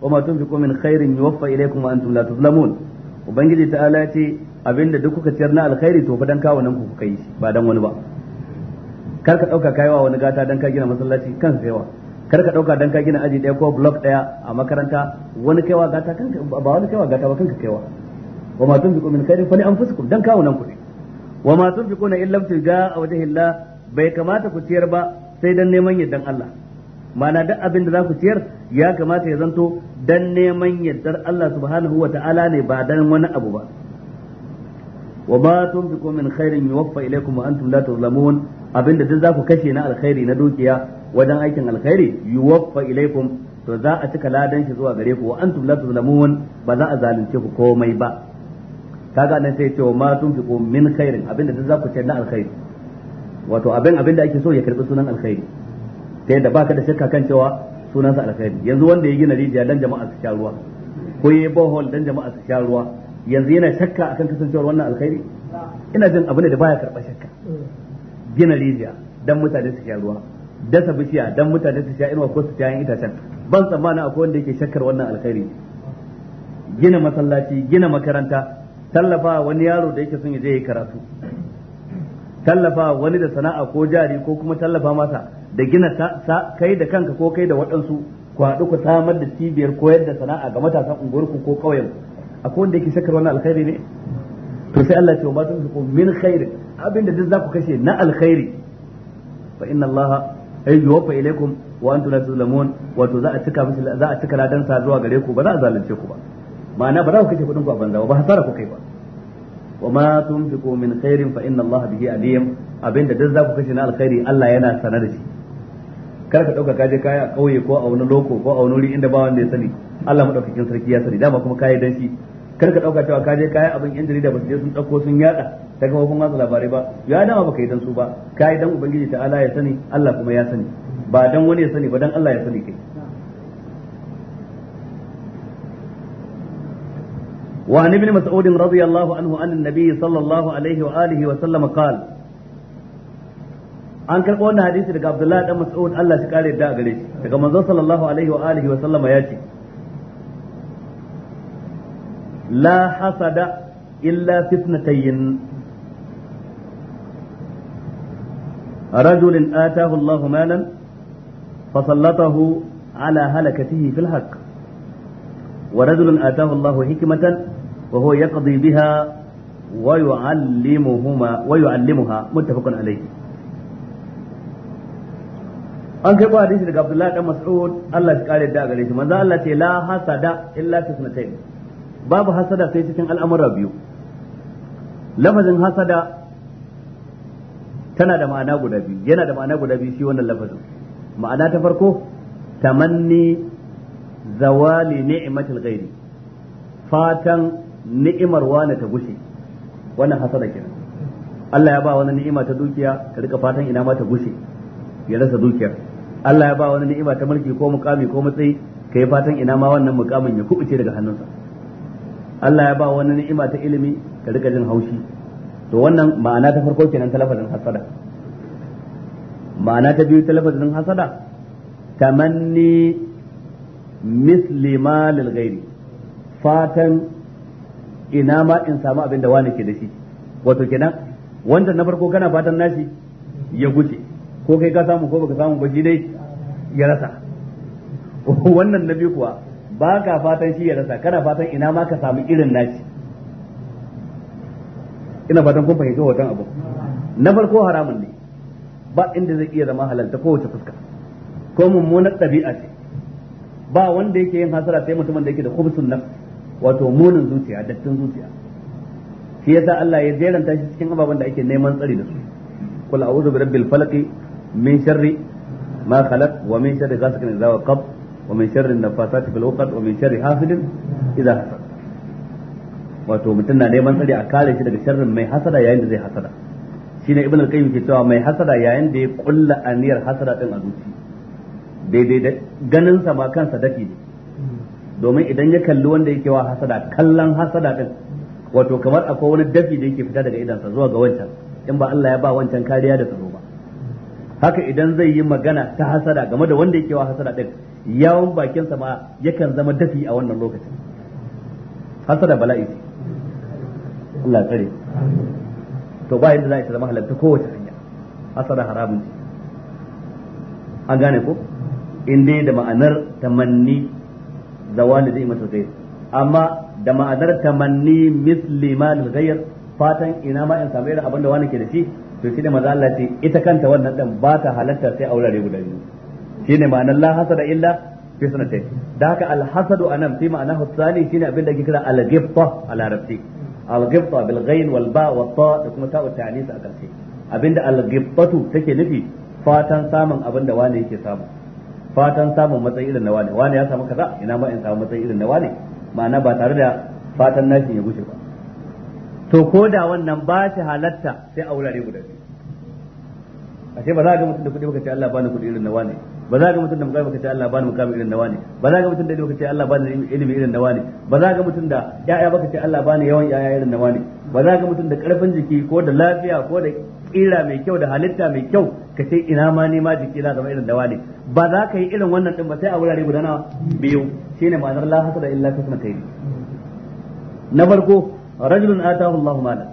wa ma tunfiqu min khairin yuwaffa ilaykum wa antum la tuzlamun ubangiji ta'ala ce abinda duk kuka ciyar na alkhairi to fa dan kawo nan ku kai shi ba dan wani ba kar ka dauka kaiwa wani gata dan ka gina masallaci kan kaiwa kar ka dauka dan ka gina aji daya ko block daya a makaranta wani kaiwa gata kan ba wani kaiwa gata ba kanka kaiwa wa ma tunfiqu min khairin fali anfusikum dan kawo nan kudi wa ma tunfiquna illa tiga a wajhillah bai kamata ku ciyar ba sai dan neman yardan Allah ma'ana duk abin da za ku ciyar ya kamata ya zanto dan neman yardar Allah subhanahu wa ta'ala ne ba dan wani abu ba wa ma tunfiqu min khairin yuwaffa ilaykum wa antum la tuzlamun abinda duk za ku kashe na alkhairi na dukiya wajen aikin alkhairi yuwaffa ilaikum to za a cika ladan shi zuwa gare ku wa antum la tuzlamun ba za a zalunce ku komai ba kaga nan sai cewa ma tunfiqu min khairin abinda duk za ku ce na alkhairi wato abin abinda ake so ya karbi sunan alkhairi ta yadda baka da shakka kan cewa sunansa alkhairi yanzu wanda ya gina rijiya dan jama'a su sha ruwa ko yayi bohol dan jama'a su sha ruwa yanzu yana shakka akan kasancewar wannan alkhairi ina jin abu ne da baya karba shakka gina rijiya dan mutane su sha ruwa dasa bishiya dan mutane su sha inuwa ko su sha ita itacen ban tsammanin akwai wanda yake shakkar wannan alkhairi gina masallaci gina makaranta tallafa wani yaro da yake son ya je ya karatu tallafa wani da sana'a ko jari ko kuma tallafa masa da gina kai da kanka ko kai da waɗansu ku haɗu ku samar da cibiyar koyar da sana'a ga matasan unguwarku ko ƙauyenku akwai wanda yake shakkar wannan alkhairi ne to sai Allah ya ce wa ma tunfiqu min khairi abinda duk zaku kashe na alkhairi fa inna Allah ay yuwaffa ilaykum wa antum la tuzlamun wato za a cika musu za a cika ladan sa zuwa gare ku ba za a zalunce ku ba ma'ana ba za ku kashe kudin ku a banza ba hasara ku kai ba wa ma tunfiqu min khairin fa inna Allah bihi alim abinda duk za ku kashe na alkhairi Allah yana sanar da shi kar ka dauka kaje kaya a kauye ko a wani loko ko a wani wuri inda ba wanda ya sani Allah madaukakin sarki ya sani dama kuma kai dan shi kar ka dauka cewa ka je kayan abin yan jarida ba su je sun dauko sun yada ta kafofin watsa labarai ba ya dama baka yi dan su ba kai dan ubangiji ta ala ya sani Allah kuma ya sani ba dan wani ya sani ba dan Allah ya sani kai وعن ابن مسعود رضي الله عنه عن sallallahu alaihi wa عليه wa وسلم قال an karɓo wannan hadisi daga Abdullahi dan Mas'ud Allah shi kare da gare shi daga manzon sallallahu alaihi wa alihi wa sallama ya ce la hasada illa fitnatayn رجل آتاه الله مالا فسلطه على هلكته في الحق ورجل آتاه الله حكمة وهو يقضي بها ويعلمهما ويعلمها متفق عليه an kai ba hadisi daga Abdullahi dan Mas'ud Allah ya kare da gare shi manzo Allah ce la hasada illa fitnatayn babu hasada sai cikin al'amura biyu lafazin hasada tana da ma'ana guda biyu yana da ma'ana guda biyu shi wannan lafazin ma'ana ta farko tamanni zawali ni'matil ghairi fatan ni'imar wani ta gushe wannan hasada kenan Allah ya ba wani ni'ima ta dukiya ka rika fatan ina ma ta gushe ya rasa dukiyar Allah ya ba wani ni'ima ta mulki ko mukami ko matsayi kai fatan ina ma wannan mukamin ya kubuce daga hannunsa Allah ya ba wani ni'ima ta ilimi ka rika jin haushi to wannan ma'ana ta farko kenan ta lafazin hasada ma'ana ta biyu ta lafazin hasada tamanni misli ma lil ghairi fatan ina ma in samu abin da wani ke da shi wato kenan wanda na farko kana fatan nashi ya guce ko kai ka samu ko baka samu ba shi dai ya rasa wannan na biyu kuwa ba ka fatan shi ya rasa kana fatan ina ma ka samu irin nashi ina fatan kun fahimci hoton abu na farko haramun ne ba inda zai iya zama halalta ko kowace fuska ko mummunar ɗabi'a ce ba wanda yake yin hasara sai mutumin da yake da kubsun nafs wato munin zuciya dattin zuciya shi yasa Allah ya jeranta shi cikin ababen da ake neman tsari da su kul a'udhu bi rabbil falaq min sharri ma khalaq wa min sharri ghasiqin idza waqab ومن شر النفاثات في الوقت ومن شر حاسد اذا حسد wato mutum na neman tsari a kare shi daga sharrin mai hasada yayin da zai hasada shine ibn al-qayyim ke cewa mai hasada yayin da ya kulla aniyar hasada din a zuci daidai da ganin sa ma kansa dafi ne domin idan ya kalli wanda yake wa hasada kallon hasada din wato kamar akwai wani dafi da yake fita daga idansa zuwa ga wancan in ba Allah ya ba wancan kariya da tsaro ba haka idan zai yi magana ta hasada game da wanda yake wa hasada din yawon bakinsa ma yakan zama dafi a wannan lokacin hasada bala'i ce Allah tsare to ba yadda za a zama halatta kowace hanya hasada haramun ce an gane ko in dai da ma'anar tamanni wani zai mata zai amma da ma'anar tamanni misli mal gair fatan ina ma in samu irin abin da wani ke da shi to shi da maza Allah ce ita kanta wannan dan ba ta halatta sai a wurare guda biyu shine ma'anar la hasada illa fi sanatai da haka al hasadu anan fi ma'ana hasani shine abin da ake kira al ghibta a larabci al ghibta bil ghain wal ba wa ta da kuma ta'u ta'anis a karshe abinda al ghibtatu take nufi fatan samun abin da wani yake samu fatan samun matsayi irin na wani wani ya samu kaza ina ma in samu matsayi irin na wani ma'ana ba tare da fatan nashi ya gushe ba to ko da wannan ba shi halatta sai a wurare guda biyu ashe ba za a ga mutum da kuɗi ba ka ce Allah bani kuɗi irin na wani ba za ga mutum da mukami kace Allah bani mukami irin nawa ne ba za ga mutum da ilimi kace Allah bani ilimi irin nawa ne ba za ga mutum da yaya baka ce Allah bani yawan yaya irin nawa ne ba za ga mutum da karfin jiki ko da lafiya ko da kira mai kyau da halitta mai kyau ka ce ina ma ne ma jiki na zama irin nawa ne ba za ka yi irin wannan din ba sai a wurare guda nawa biyu shine ma'anar la hasada illa kasna kai na farko rajulun atahu Allahu mala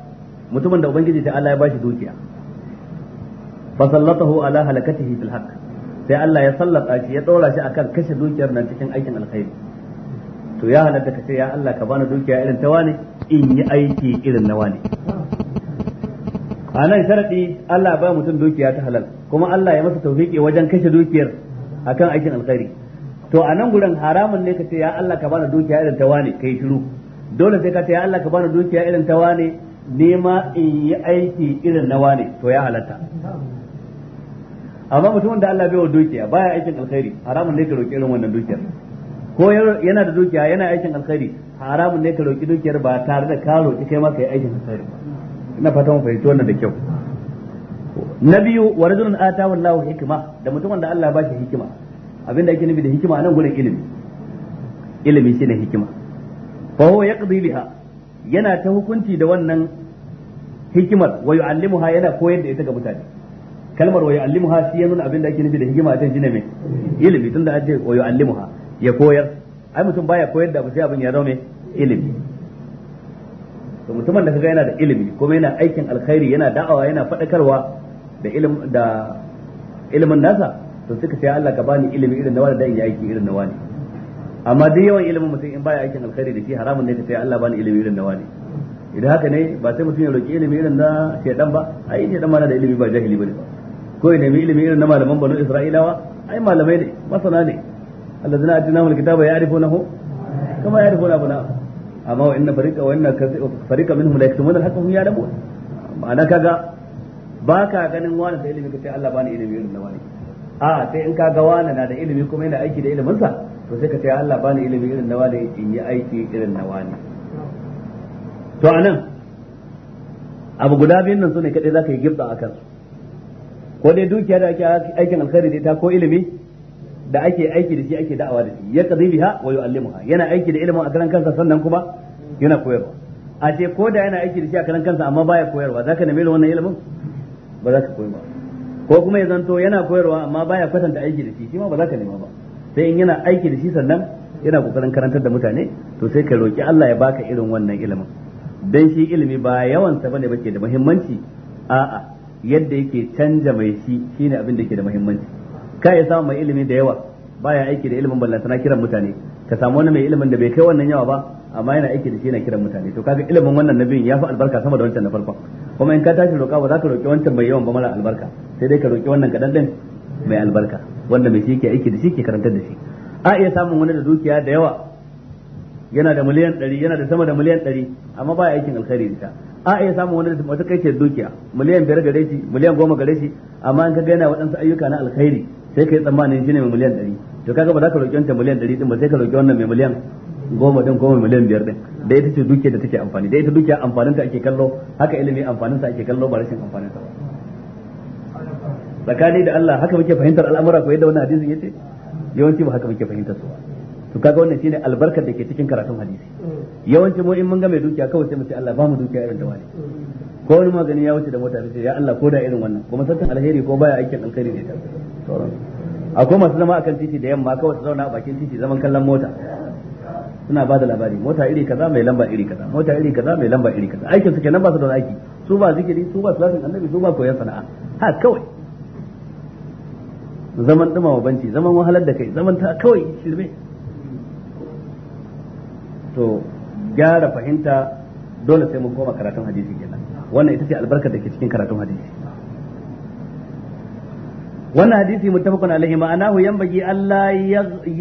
mutumin da ubangiji ta Allah ya bashi dukiya fasallatahu ala halakatihi fil haqq sai Allah ya sallata shi ya ɗora shi akan kashe dukiyar nan cikin aikin alkhairi to ya halatta ka ce ya Allah ka bani dukiya irin ta wani in yi aiki irin na wani a nan sharadi Allah ba mutum dukiya ta halal kuma Allah ya masa tawfiki wajen kashe dukiyar akan aikin alkhairi to a nan gurin haramun ne ka ce ya Allah ka bani dukiya irin ta wani kai shiru dole sai ka ce ya Allah ka bani dukiya irin ta wani nema in yi aiki irin na wani to ya halatta amma mutumin da Allah bai wa dukiya baya aikin alkhairi haramun ne ka roki irin wannan dukiyar ko yana da dukiya yana aikin alkhairi haramun ne ka roki dukiyar ba tare da ka roki kai ma kai aikin alkhairi ina fata mu fahimci wannan da kyau na biyu wa rajulun ata Allahu hikma da mutumin da Allah ba shi hikima abinda ake nufi da hikima nan gurin ilimi ilimi shine hikima fa huwa yaqdi liha yana ta hukunci da wannan hikimar wa yu'allimuha yana koyar da ita ga mutane kalmar wa ya'allimuha shi ya nuna abin da ake nufi da hikima a can shine me ilimi tunda ake wa ya'allimuha ya koyar ai mutum baya koyar da abu sai abin ya zama me ilimi to mutumin da kaga yana da ilimi kuma yana aikin alkhairi yana da'awa yana fadakarwa da ilim da ilimin nasa to suka ce Allah ka bani ilimi irin na wani da in yi aiki irin na wani amma duk yawan ilimin mutum in baya aikin alkhairi da shi haramun ne ka sai Allah bani ilimi irin na wani idan haka ne ba sai mutum ya roki ilimi irin na shedan ba ai shedan ma na da ilimi ba jahili bane ba ko ya nemi ilimi irin na malaman banu isra'ilawa ai malamai ne masana ne allazina atinahum alkitaba ya'rifunahu kama ya'rifuna abuna amma wa inna fariqa wa inna fariqa minhum la yaktumuna alhaqqa hum ya'lamun ma'ana kaga ba ka ganin wani da ilimi kace Allah bani ilimi irin na wani a sai in kaga wani na da ilimi kuma yana aiki da ilimin sa to sai ka ce Allah bani ilimi irin na wani in yi aiki irin na wani to anan abu guda biyun nan sune kadai zaka yi gibda akan su ko dai dukiya da ake aikin alkhairi da ta ko ilimi da ake aiki da shi ake da'awa da shi ya qadi biha wa yu'allimuha yana aiki da ilimin a karan kansa sannan kuma yana koyarwa a ce ko da yana aiki da shi a karan kansa amma baya koyarwa zaka nemi wannan ilimin ba za ka koyi ba ko kuma ya zanto yana koyarwa amma baya kwatanta aiki da shi shi ma ba za ka nema ba sai in yana aiki da shi sannan yana kokarin karantar da mutane to sai ka roki Allah ya baka irin wannan ilimin dan shi ilimi ba yawan sa bane bace da muhimmanci a'a yadda yake canja mai shi shine abin da yake da muhimmanci ka ya samu mai ilimi da yawa baya aiki da ilimin na kiran mutane ka samu wani mai ilimin da bai kai wannan yawa ba amma yana aiki da shi yana kiran mutane to kaga ilimin wannan nabiyin ya fi albarka sama da wancan na farko kuma in ka tashi roƙa ba za ka roƙi wancan mai yawan ba mara albarka sai dai ka roƙi wannan kaɗan ɗin mai albarka wanda mai shi ke aiki da shi ke karantar da shi a iya samun wani da dukiya da yawa yana da miliyan ɗari yana da sama da miliyan ɗari amma baya aikin alkhairi da a iya samu wani wata kai ce dukiya miliyan biyar gare shi miliyan goma gare shi amma ka ga yana waɗansu ayyuka na alkhairi sai kai tsammanin shi ne mai miliyan ɗari to kaga ba za ka roƙi wanda miliyan ɗari din ba sai ka roƙi wannan mai miliyan goma din goma miliyan biyar din da ita ce dukiya da take amfani da ita dukiya amfaninta ake kallo haka ilimi amfaninsa ake kallo ba rashin amfaninsa ba tsakani da Allah haka muke fahimtar al'amura ko yadda wannan hadisin yace yawanci ba haka muke fahimtar su ba to kaga wannan shine albarkar da ke cikin karatun hadisi mm. yawanci mu in mun ga mai dukiya kawai sai mu ce Allah ba mu dukiya irin da wani mm. ko wani magani ya wuce da mota sai ya Allah ko da irin wannan kuma sarkin alheri ko baya aikin alkhairi ne ta akwai masu zama akan titi da yamma kawai su zauna a bakin titi zaman kallon mota suna ba da labari mota iri kaza mai lamba iri kaza mota iri kaza mai lamba iri kaza aikin su nan ba su da aiki su ba zikiri su ba salatin annabi su ba koyon sana'a ha kawai zaman dumawa banci zaman wahalar da kai zaman ta kawai shirme to gyara fahimta dole sai mun koma karatun hadisi kenan wannan ita ce albarkar da ke cikin karatun hadisi wannan hadisi muttafaqun alaihi ma'anahu yanbaghi alla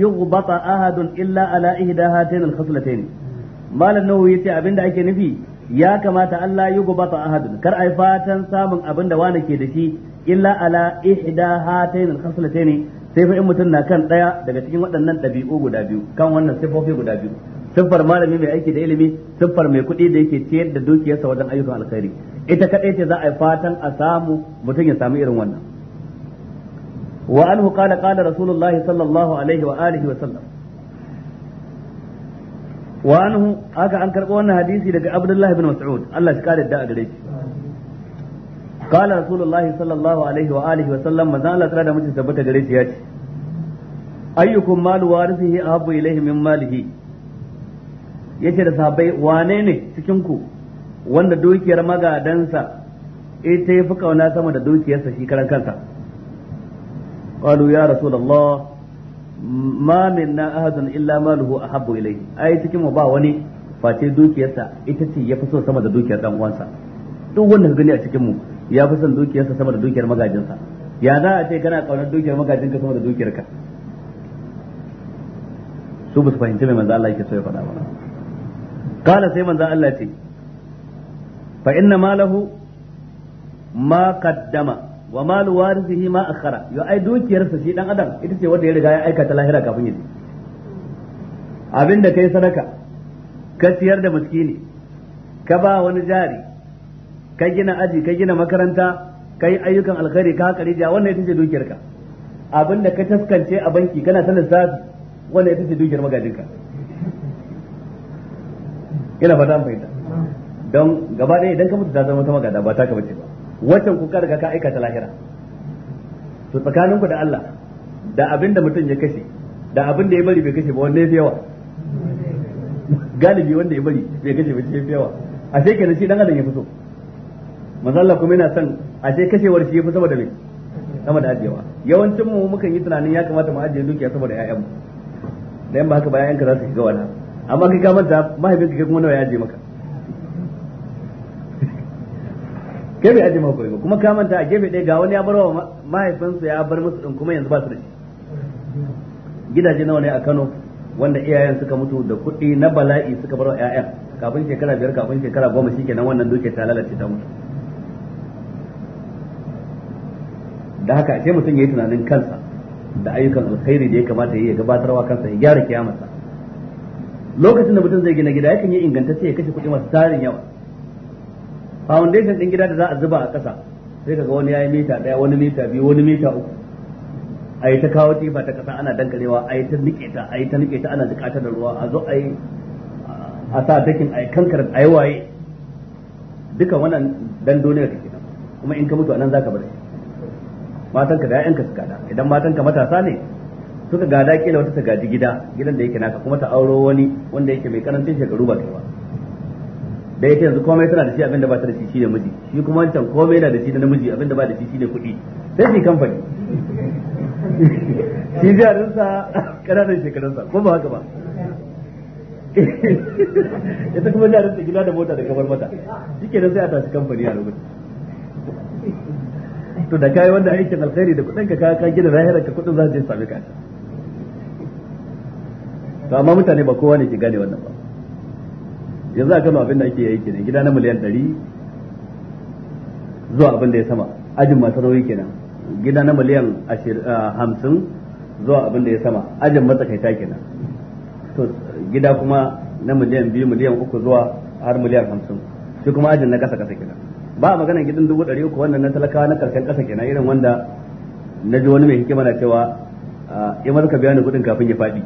yughbata ahadun illa ala ihda hatain al-khaslatayn malan nawawi yace abinda ake nufi ya kamata Allah yughbata ahadun kar ai fatan samun abin da wani ke da shi illa ala ihda hatain al sai fa in mutum na kan daya daga cikin waɗannan ɗabi'u guda biyu kan wannan sifofi guda biyu siffar malami mai aiki da ilimi siffar mai kuɗi da yake ciyar da dukiyarsa wajen ayyukan alkhairi ita kadai ce za a yi fatan a samu mutum ya samu irin wannan wa anhu qala qala rasulullahi sallallahu alaihi wa alihi wa sallam wa anhu aka an karɓo wannan hadisi daga abdullahi bin mas'ud Allah shi kare da a gare shi قال رسول الله صلى الله عليه وآله وسلم ما زال ترى دمت ثبت غريش ياتي أيكم مال وارثه أحب إليه min malihi. yace da sabai wane ne cikin ku wanda dukiyar magadansa ita eh, yafi kauna sama da dukiyarsa shi karan kansa qalu ya rasulullah ma minna ahadun illa maluhu ahabbu ilayhi ai cikin mu ba wani face dukiyarsa ita ce yafi so sama da dukiyar dan uwansa duk wanda ka gani a cikin mu ya fi son dukiyarsa sama da dukiyar magajinsa ya za a ce kana kaunar dukiyar magajinka sama da dukiyarka su ba su fahimci mai manzo Allah yake so ya faɗa ba kala sai manzan Allah ce fa inna malahu ma qaddama wa malu warithihi ma akhara yo ai dukiyarsa shi dan adam ita ce wanda ya riga ya aikata lahira kafin ya abinda kai sadaka ka siyar da miskini ka ba wani jari ka gina aji ka gina makaranta ka yi ayyukan alkhairi ka haka a wannan ita ce dukiyarka abinda ka taskance a banki kana sanin lissafi wannan ita ce dukiyar magajinka ina fata an fahimta don gaba ɗaya idan ka mutu ta zama ta magada ba ta ka bace ba wancan kuka daga ka aikata lahira to tsakaninku da Allah da abin da mutum ya kashe da abin da ya bari bai kashe ba wanda ya fi yawa galibi wanda ya bari bai kashe ba shi ya fi yawa ashe kenan shi dan adam ya fito manzo Allah kuma yana son ashe kashewar shi ya fi saboda me da ajewa yawancin mu mukan yi tunanin ya kamata mu ajiye dukiya saboda ƴaƴan mu da yan ba haka ba ƴaƴan ka za su shiga wani amma kai ka manta mahaifinka kai kuma nawa ya je maka ke bai aje maka ba kuma ka manta a gefe ɗaya ga wani ya bar wa mahaifinsa ya bar musu din kuma yanzu ba su da shi gidaje nawa ne a Kano wanda iyayen suka mutu da kuɗi na bala'i suka bar wa ƴaƴan kafin shekara biyar kafin shekara goma shikenan wannan duke ta lalace ta mutu da haka sai mutum ya yi tunanin kansa da ayyukan alkhairi da ya kamata ya gabatarwa kansa ya gyara kiyamarsa lokacin da mutum zai gina gida yakan yi ingantacce ya kashe kuɗi masu tarin yawa foundation din gida da za a zuba a ƙasa sai kaga wani yayi mita ɗaya wani mita biyu wani mita uku a yi ta kawo tifa ta ƙasa ana dankalewa a yi ta nike ta a yi ta nike ta ana jiƙata da ruwa a zo a yi a sa dakin a yi kankar a yi waye duka wannan dan duniya ka kenan kuma in ka mutu anan zaka bar matanka da 'ya'yanka su kada idan matanka matasa ne suka gada kila wata ta gaji gida gidan da yake naka kuma ta auro wani wanda yake mai karancin shekaru ba kai ba da yake yanzu komai tana da shi abinda ba ta da shi shine miji shi kuma wancan komai yana da shi da namiji abinda ba da shi shine kuɗi sai shi kamfani shi jarinsa ƙananan shekarunsa ko ba haka ba ita kuma jarinsa gida da mota da kamar mata shi ke sai a tashi kamfani a rubuta to da kai wanda aikin alkhairi da kudin ka ka gina lahirar ka kudin za su je sami ka to amma mutane ba kowa ne ke gane wannan ba yanzu a kano abin da ake yi kenan gida na miliyan ɗari zuwa abin da ya sama ajin masu rauni kenan gida na miliyan ah, hamsin zuwa abin da ya sama ajin matsakaita kenan to gida kuma na miliyan biyu miliyan uku zuwa har miliyan hamsin shi kuma ajin na kasa kasa kenan ba a maganar gidan dubu ɗari uku wannan na talakawa na karshen kasa kenan irin wanda na ji wani mai hikima na cewa ah, ya maka biya ni kuɗin kafin ya faɗi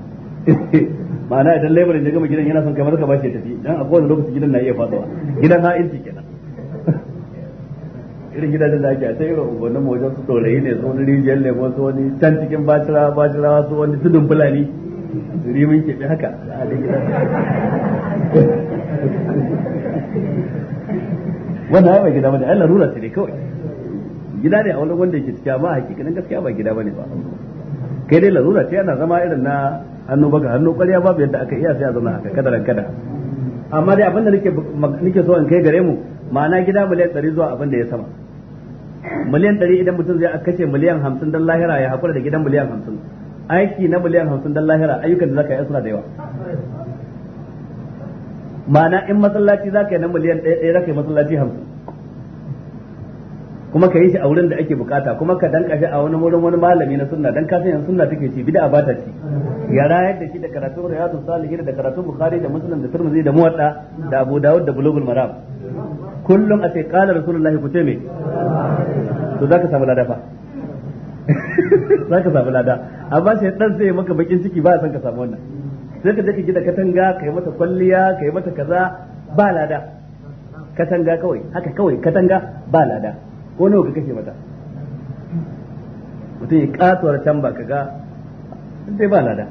ma'ana idan laifin ya gama gidan yana son kamar ka ba ya tafi dan a kowane lokaci gidan na iya faduwa gidan ha'inci kenan irin gidajen da ake a sai ubannin mu wajen su tsorayi ne su wani rijiyar lemo su wani can cikin bacira bacira su wani tudun fulani rimin keɓe haka a gidan wannan ai ba gida bane ai rura su ne kawai gida ne a wani wanda yake ciki amma hakikanin gaskiya ba gida bane ba kai dai larura ce yana zama irin na hannu baka hannu ƙwarya babu yadda aka iya sai a zauna haka kadaran kada amma dai abin da nake nake so in kai gare mu ma'ana gida miliyan ɗari zuwa abin da ya sama miliyan ɗari idan mutum zai kashe miliyan hamsin don lahira ya haƙura da gidan miliyan hamsin aiki na miliyan hamsin don lahira ayyukan da za ka yi suna da yawa ma'ana in masallaci za ka yi na miliyan ɗaya za ka yi masallaci hamsin kuma ka yi shi a wurin da ake bukata kuma ka danka shi a wani wurin wani malami na sunna dan kasan yan sunna take ci bid'a ba ta ci ya rayar da shi da karatun riyadus salihin da karatun bukhari da muslim da tirmidhi da muwatta da abu dawud da bulugul maram kullum a sai qala rasulullahi ku ce me to zaka samu ladafa zaka samu lada amma sai dan zai maka bakin ciki ba san ka samu wannan sai ka je ka gida katanga kai mata kwalliya kai mata kaza ba lada katanga kawai haka kawai katanga ba lada ko nawa ka kashe mata mutum ya katsuwar can ba ka ga sai ba lada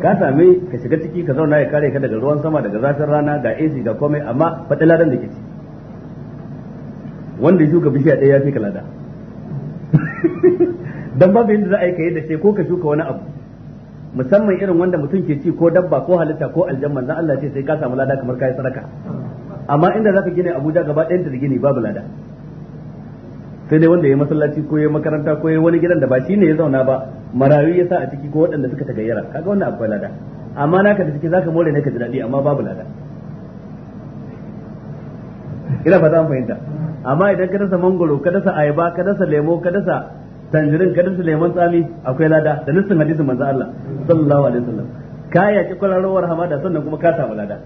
ka sami ka shiga ciki ka zauna ya kare ka daga ruwan sama daga zafin rana ga AC ga komai amma faɗi ladan da ke ci wanda ya shuka bishiya ɗaya ya fi ka lada dan babu yadda za a yi ka yadda sai ko ka shuka wani abu musamman irin wanda mutum ke ci ko dabba ko halitta ko aljamman, zan Allah ce sai ka samu lada kamar ka yi sadaka amma inda za ka gina Abuja gaba ɗayan da gini babu lada sai dai wanda ya masallaci ko ya makaranta ko ya wani gidan da ba shi ne ya zauna ba marayu ya sa a ciki ko waɗanda suka tagayyara kaga wannan akwai lada amma naka da ciki zaka more ne ka ji daɗi amma babu lada ina fata an fahimta amma idan ka dasa mangoro ka dasa ayaba ka dasa lemo ka dasa tanjirin ka dasa lemon tsami akwai lada da nassin hadisin manzo Allah sallallahu alaihi wasallam ka yaki kwararowar hamada sannan kuma ka samu lada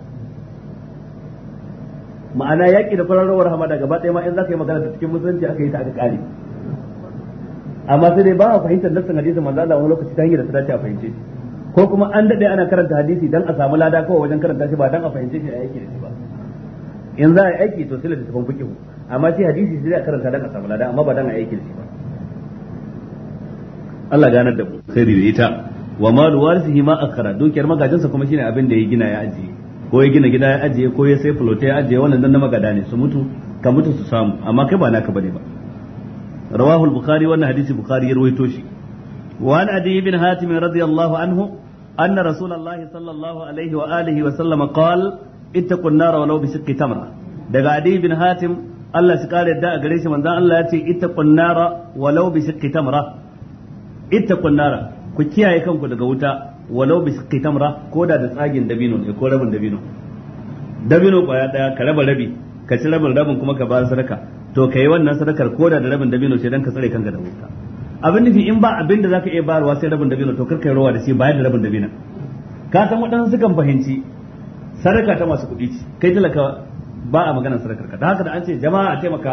ma'ana yaƙi da fararowar hamada gaba ɗaya ma in za ka yi magana da cikin musulunci aka yi ta aka ƙare amma sai dai ba a fahimtar nassan hadisin manzo Allah wani lokaci ta hanyar da ta dace a fahimce shi ko kuma an daɗe ana karanta hadisi dan a samu lada kawai wajen karanta shi ba dan a fahimce shi a aiki da shi ba in za a yi aiki to sai da tafan fikihu amma shi hadisi sai a karanta dan a samu lada amma ba dan a aiki da shi ba Allah ganar da mu sai da ita wa malu warisihi ma akara dukiyar magajinsa kuma shine abin da ya gina ya ajiye ko ya gina gida ya ajiye ko ya sai fulotai ya ajiye wannan dan na magada ne su mutu ka mutu su samu amma kai ba naka bane ba rawahul bukhari wannan hadisi bukhari ya rawaito shi wa an adi ibn hatim radiyallahu anhu anna rasulullahi sallallahu alaihi wa alihi wa sallam qala ittaqun nar walau bi shiqqi tamra daga adi ibn hatim Allah shi kare yadda a gare shi manzon Allah ya ce ittaqun nar walau bi shiqqi tamra ittaqun nar ku kiyaye kanku daga wuta walau bi shiqqi tamra ko da da tsagin dabino ne ko rabin dabino dabino kwaya daya ka raba rabi ka ci rabin rabin kuma ka ba sadaka to ka yi wannan sadakar ko da da rabin dabino sai dan ka tsare kanka da wuta abin nufi in ba abin da zaka iya bayarwa sai rabin dabino to kar yi rawa da shi bayar da rabin dabino ka san waɗansu sukan fahimci sadaka ta masu kuɗi ce kai talaka ba a maganar sadakar ka da haka da an ce jama'a a taimaka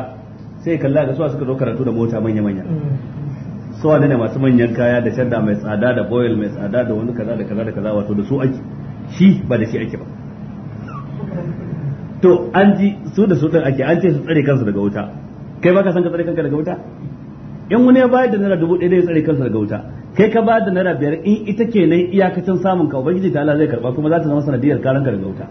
sai kalla ga suwa suka zo karatu da mota manya manya mm. su wane ne masu manyan kaya da shadda mai tsada da boil mai tsada da wani kaza da kaza da kaza wato da su ake shi ba da shi ake ba to an ji su da su din ake an ce su tsare kansu daga wuta kai ba ka san ka tsare kanka daga wuta in wani ya bayar da naira dubu ɗaya ya tsare kansa daga wuta kai ka bayar da naira biyar in ita ke nan iyakacin samun ka ubangiji ta Allah zai karba kuma za ta zama sanadiyar karanka daga wuta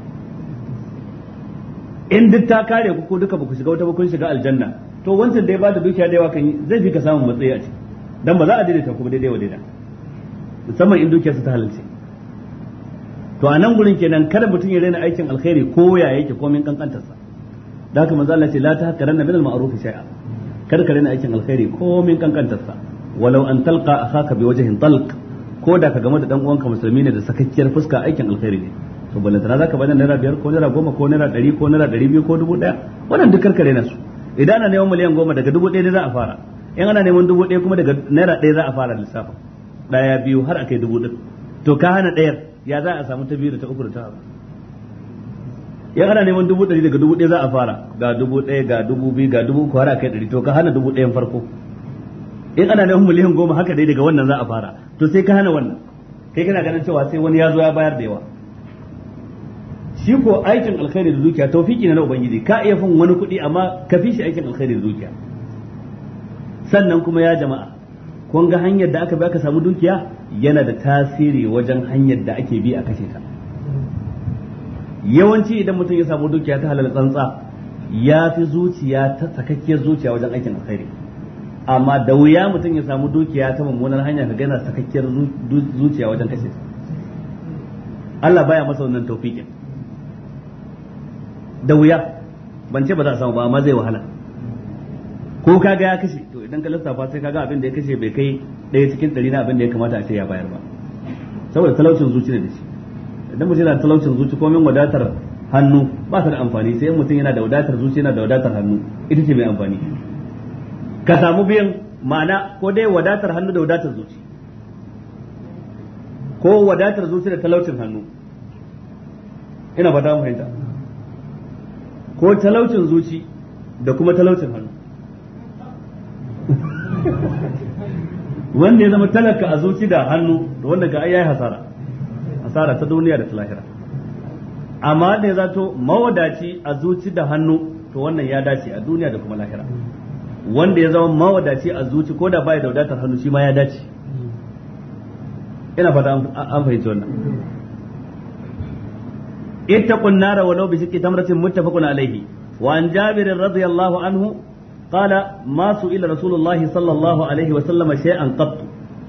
in duk ta kare ku ko duka ba ku shiga wuta ba kun shiga aljanna to wancan da ya bada dukiya da yawa kan yi zai fi ka samun matsayi a ciki dan ba za a daidaita kuma daidai wa daida musamman in dukiyar su ta halalce to a nan gurin kenan kada mutum ya daina aikin alkhairi ko ya yake komin kankantarsa da haka manzo Allah ce la tahqaranna min al-ma'ruf shay'a kada ka daina aikin alkhairi komin kankantarsa walau an talqa akhaka biwajhin talq ko da ka game da dan uwanka musulmi ne da sakakkiyar fuska aikin alkhairi ne to ballantana zaka bada naira biyar ko naira goma ko naira ɗari ko naira ɗari biyu ko dubu ɗaya wannan duk karkare na su idan ana neman miliyan goma daga dubu ɗaya ne za a fara in ana neman dubu ɗaya kuma daga naira ɗaya za a fara lissafa ɗaya biyu har a kai dubu ɗin to ka hana ɗayar ya za a samu ta biyu da ta uku da ta in ana neman dubu ɗari daga dubu ɗaya za a fara ga dubu ɗaya ga dubu biyu ga dubu uku har a kai ɗari to ka hana dubu ɗayan farko in ana neman miliyan goma haka dai daga wannan za a fara to sai ka hana wannan kai kana ganin cewa sai wani ya zo ya bayar da yawa shi ko aikin alkhairi da dukiya tawfiki ne na ubangiji ka iya fin wani kuɗi amma ka fi shi aikin alkhairi da dukiya sannan kuma ya jama'a kun ga hanyar da aka bi aka samu dukiya yana da tasiri wajen hanyar da ake bi a kashe ta yawanci idan mutum ya samu dukiya ta halal tsantsa ya fi zuciya ta sakakkiyar zuciya wajen aikin alkhairi amma da wuya mutum ya samu dukiya ta mummunar hanya ka gana sakakkiyar zuciya wajen kashe ta Allah baya masa wannan tawfiqin da wuya ban ce ba za a samu ba amma zai wahala ko kaga ya kashe to idan ka lissafa sai kaga abin da ya kashe bai kai ɗaya cikin ɗari na abin da ya kamata a ce ya bayar ba saboda talaucin zuci da shi idan mutum yana talaucin zuci ko min wadatar hannu ba ta da amfani sai mutum yana da wadatar zuci yana da wadatar hannu ita ce mai amfani ka samu biyan ma'ana ko dai wadatar hannu da wadatar zuci ko wadatar zuci da talaucin hannu ina fata ta fahimta ko talaucin zuci da kuma talaucin hannu wanda ya zama talaka a zuci da hannu da wanda ga ai yayi hasara hasara ta duniya da ta lahira amma da ya zato mawadaci a zuci da hannu to wannan ya dace a duniya da kuma lahira wanda ya zama mawadaci a zuci ko da bai da wadatar hannu shi ma ya dace ina fata an fahimci wannan ittaqun nara walau bi shiqqi tamratin muttafaqun alayhi wa an jabir radiyallahu anhu qala ma su ila rasulullahi sallallahu alaihi wa sallama shay'an qat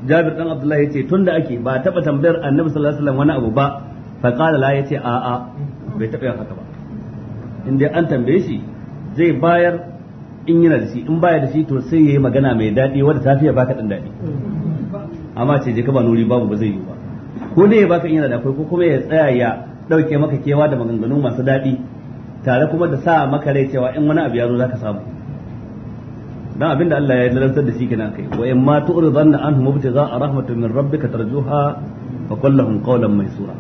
jabir dan abdullahi yace tunda ake ba taba tambayar annabi sallallahu alaihi wasallam wani abu ba fa qala la yace a a bai taba yin haka ba in dai an tambaye shi zai bayar in yana da shi in baya da shi to sai yayi magana mai dadi wanda tafiya baka dan dadi amma ce je ka ba nuri babu ba zai yi ba ko ne ya baka in yana da akwai ko kuma ya tsaya ya dauke maka kewa da maganganun masu dadi tare kuma da sa maka rai cewa in wani abu ya zo zaka samu dan abinda Allah ya nazartar da shi kenan kai wa in ma tu'ridanna anhum mubtigha rahmatun min rabbika tarjuha fa qul lahum qawlan maysura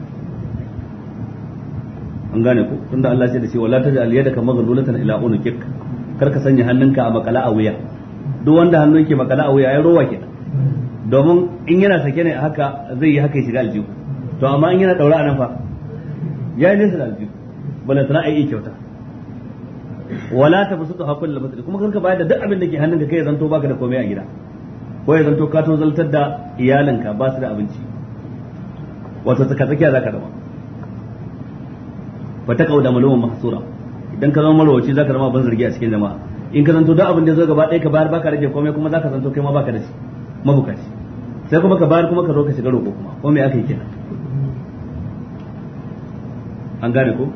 an gane ku tunda Allah ya ce da shi wala taj'al yadaka maghlulatan ila unukik kar ka sanya hannunka a makala a wuya duk wanda hannun makala a wuya ya rowa kenan domin in yana sake ne haka zai yi haka ya shiga aljihu to amma in yana daura nan fa ya yi nesa da aljihu bala sana a yi kyauta wala ta fi suka hakul labasri kuma kanka bayar da duk abin da ke hannun ka kai zanto baka da komai a gida ko ya zanto ka to zaltar da iyalinka ba su da abinci wato tsaka tsakiya ka zama ba ta da malumin mahasura idan ka zama marwaci ka zama ban zargi a cikin jama'a in ka zanto duk abin da zo gaba ɗaya ka bayar baka rage komai kuma za ka zanto kai ma baka da shi mabukaci sai kuma ka bayar kuma ka zo ka shiga roƙo kuma komai aka yi kenan an gane ko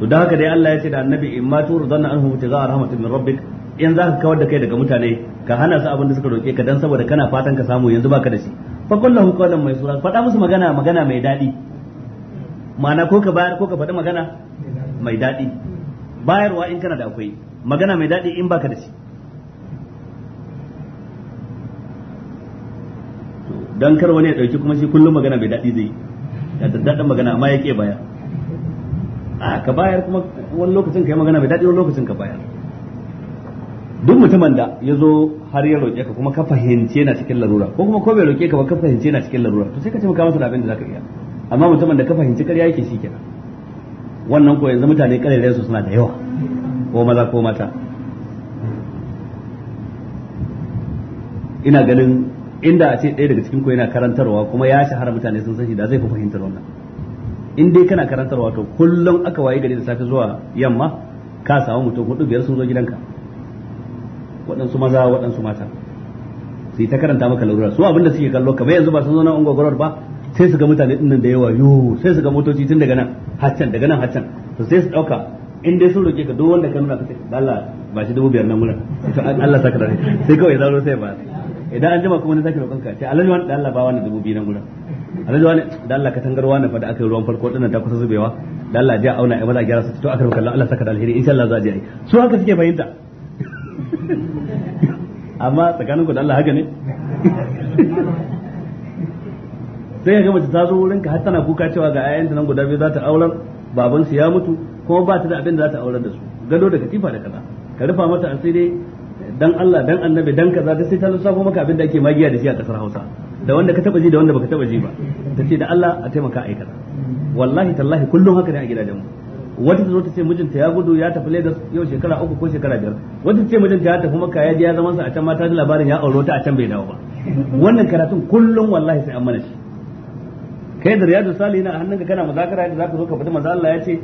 to da haka dai Allah ya ce da annabi in ma turu zanna anhu mutiga rahmatin min rabbik in za ka kawar da kai daga mutane ka hana su abin da suka roke ka dan saboda kana fatan ka samu yanzu baka da shi fa kullahu qawlan mai sura faɗa musu magana magana mai daɗi ma'ana ko ka bayar ko ka faɗi magana mai daɗi bayarwa in kana da akwai magana mai daɗi in baka da shi dan kar wani ya dauki kuma shi kullum magana mai daɗi zai da daɗin magana amma ya ke baya a ah, ka bayar kuma wani lokacin ka yi magana bai daɗi wani lokacin ka bayar duk mutumin da ya zo har ya roƙe ka kuma ka fahimci yana cikin larura ko kuma ko bai roƙe ka ba ka fahimci yana cikin larura to sai ka taimaka masa da abin da zaka iya amma mutumin da ka fahimci ƙarya yake shi kenan wannan ko yanzu mutane ƙarerayen su suna da yawa ko maza ko mata ina ganin inda a ce ɗaya daga cikin ku yana karantarwa kuma ya shahara mutane sun san shi da zai fi fahimtar wannan in dai kana karantar wato kullum aka waye gari da safe zuwa yamma ka samu mutum hudu biyar sun zo gidanka waɗansu maza waɗansu mata sai ta karanta maka larura su abinda suke kallo kamar yanzu ba sun zo na ungwagwarar ba sai su ga mutane dinnan da yawa yo sai su ga motoci tun daga nan haccan daga nan haccan to sai su dauka in dai sun roke ka duk wanda ka nuna ka sai Allah ba shi dubu biyar nan mura to Allah saka rai sai kawai zaro sai ba idan an jima kuma ne sake roƙon ka sai Allah ne wanda Allah ba wani dubu biyar nan mura alhaji wani da Allah ka tangarwa na fada aka yi ruwan farko dinnan ta kusa zubewa da Allah ja auna ai maza gyara su to aka rubuta Allah saka da alheri insha Allah za a je ai su haka suke fahimta amma tsakanin ku da Allah haka ne sai ga mace ta zo wurin ka har tana kuka cewa ga ayyan nan guda biyu za ta aurar baban su ya mutu kuma ba ta da abin da za ta aurar da su gado da katifa da kaza ka rufa mata asiri dan Allah dan annabi dan kaza da sai ta lissafo maka abin da ake magiya da shi a kasar Hausa da wanda ka taba ji da wanda baka taba ji ba ta ce da Allah a taimaka aika wallahi tallahi kullum haka ne a gidajen mu wata ta zo ta ce mijinta ya gudu ya tafi Lagos yau shekara uku ko shekara biyar wata ta ce mijinta ya tafi Makka ya ji ya zaman sa a can mata da labarin ya auro ta a can bai dawo ba wannan karatun kullum wallahi sai an mana shi kai da riyadu salihin a hannunka kana muzakara yadda zaka zo ka fadi manzo Allah ya ce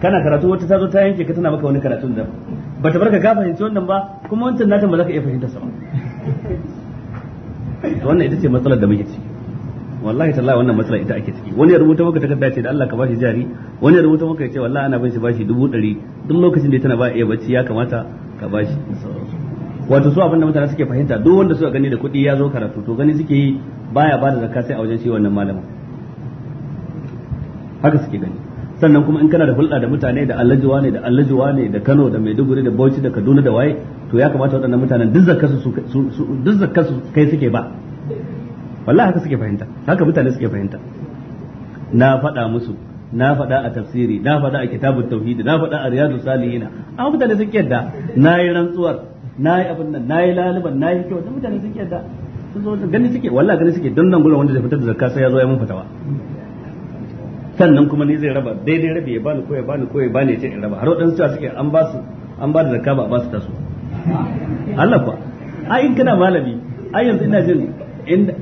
kana karatu wata ta zo ta yanke ka tana maka wani karatun da bata barka ka fahimci wannan ba kuma wancan nata ba za ka iya fahimta sa ba to wannan ita ce matsalar da muke ciki wallahi tallahi wannan matsala ita ake ciki wani ya rubuta maka takarda ce da Allah ka bashi jari wani ya rubuta maka ya ce wallahi ana bin shi bashi dubu ɗari duk lokacin da tana ba iya bacci ya kamata ka bashi wato su abinda mutane suke fahimta duk wanda suka gani da kuɗi ya zo karatu to gani suke yi baya ba da zakka sai a wajen shi wannan malamin haka suke gani sannan kuma in kana da hulɗa da mutane da allajuwa ne da allajuwa ne da kano da maiduguri da bauchi da kaduna da waye to ya kamata waɗannan mutanen duk zakka su kai suke ba wallahi haka suke fahimta haka mutane suke fahimta na faɗa musu na faɗa a tafsiri na faɗa a kitabun tauhidi na faɗa a riyadu salihina amma mutane sun yadda na yi rantsuwar na yi abin nan na yi laliban na yi kyau mutane sun yadda sun zo gani suke wallahi gani suke don nan gurin wanda zai fitar da zakka sai ya zo ya mun fatawa sannan kuma ni zai raba daidai rabi ya bani ko ya bani ko ya bani ya ce in raba har wadansu cewa suke an ba su an ba da zakka ba ba su taso Allah fa a in kana malami ai yanzu ina jin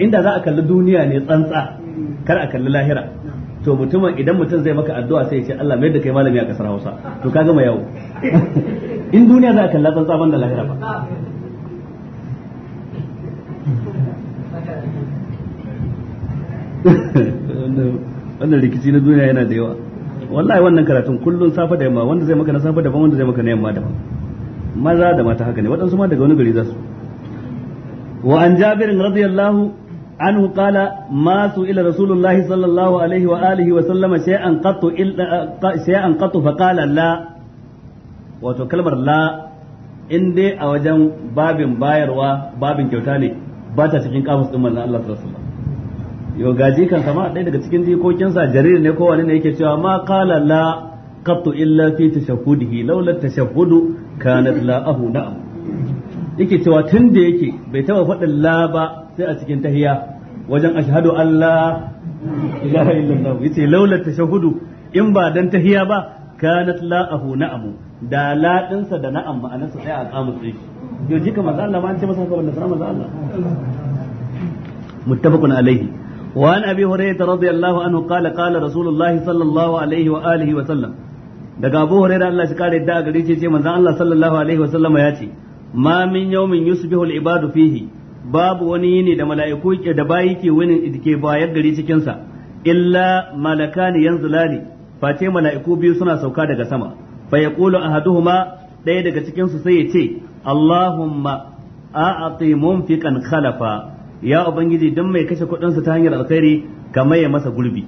inda za a kalli duniya ne tsantsa kar a kalli lahira to mutumin idan mutum zai maka addu'a sai ya ce Allah mai da kai malami a kasar Hausa to ka gama yawo in duniya za a kalla tsantsa ban da lahira ba no. wannan rikici na duniya yana da yawa wallahi wannan karatun kullun safa da yamma wanda zai maka na safa daban wanda zai maka na yamma daban maza da mata haka ne waɗansu ma daga wani gari za su wa an jabir radiyallahu anhu qala ma su ila rasulullahi sallallahu alaihi wa alihi wa sallama shay'an qattu illa shay'an qattu fa qala la wato kalmar la in dai a wajen babin bayarwa babin kyauta ne ba ta cikin kafus din manzon Allah sallallahu alaihi sallam yau gaji kan sama ɗaya daga cikin jikokinsa jarir ne kowane ne yake cewa ma kala la qattu illa fi tashahhudihi laula tashahhudu kanat la ahu na'am yake cewa tun da yake bai taba faɗin la ba sai a cikin tahiya wajen ashhadu Allah ilaha illallah yace laula tashahhudu in ba dan tahiya ba kanat la ahu na'am da la da na'am ma'anarsa sai a kamu sai yau jika manzo Allah ma an ce masa haka wannan sanar manzo Allah muttafaqun alaihi وعن أبي هريرة رضي الله عنه قال قال رسول الله صلى الله عليه وآله وسلم daga Abu Hurairah Allah shi kare da gare shi ce manzon Allah sallallahu alaihi wasallam ya ce ma min yawmin yusbihu al-ibadu fihi babu wani yini da mala'iku ke da bayi ke wani ke bayar gari cikinsa. sa illa malakani yanzulani face mala'iku biyu suna sauka daga sama fa ya yaqulu ahaduhuma ɗaya daga cikinsu sai ya ce Allahumma a'ati munfiqan khalafa ya ubangiji dan mai kashe sa ta hanyar alkhairi ka maye masa gurbi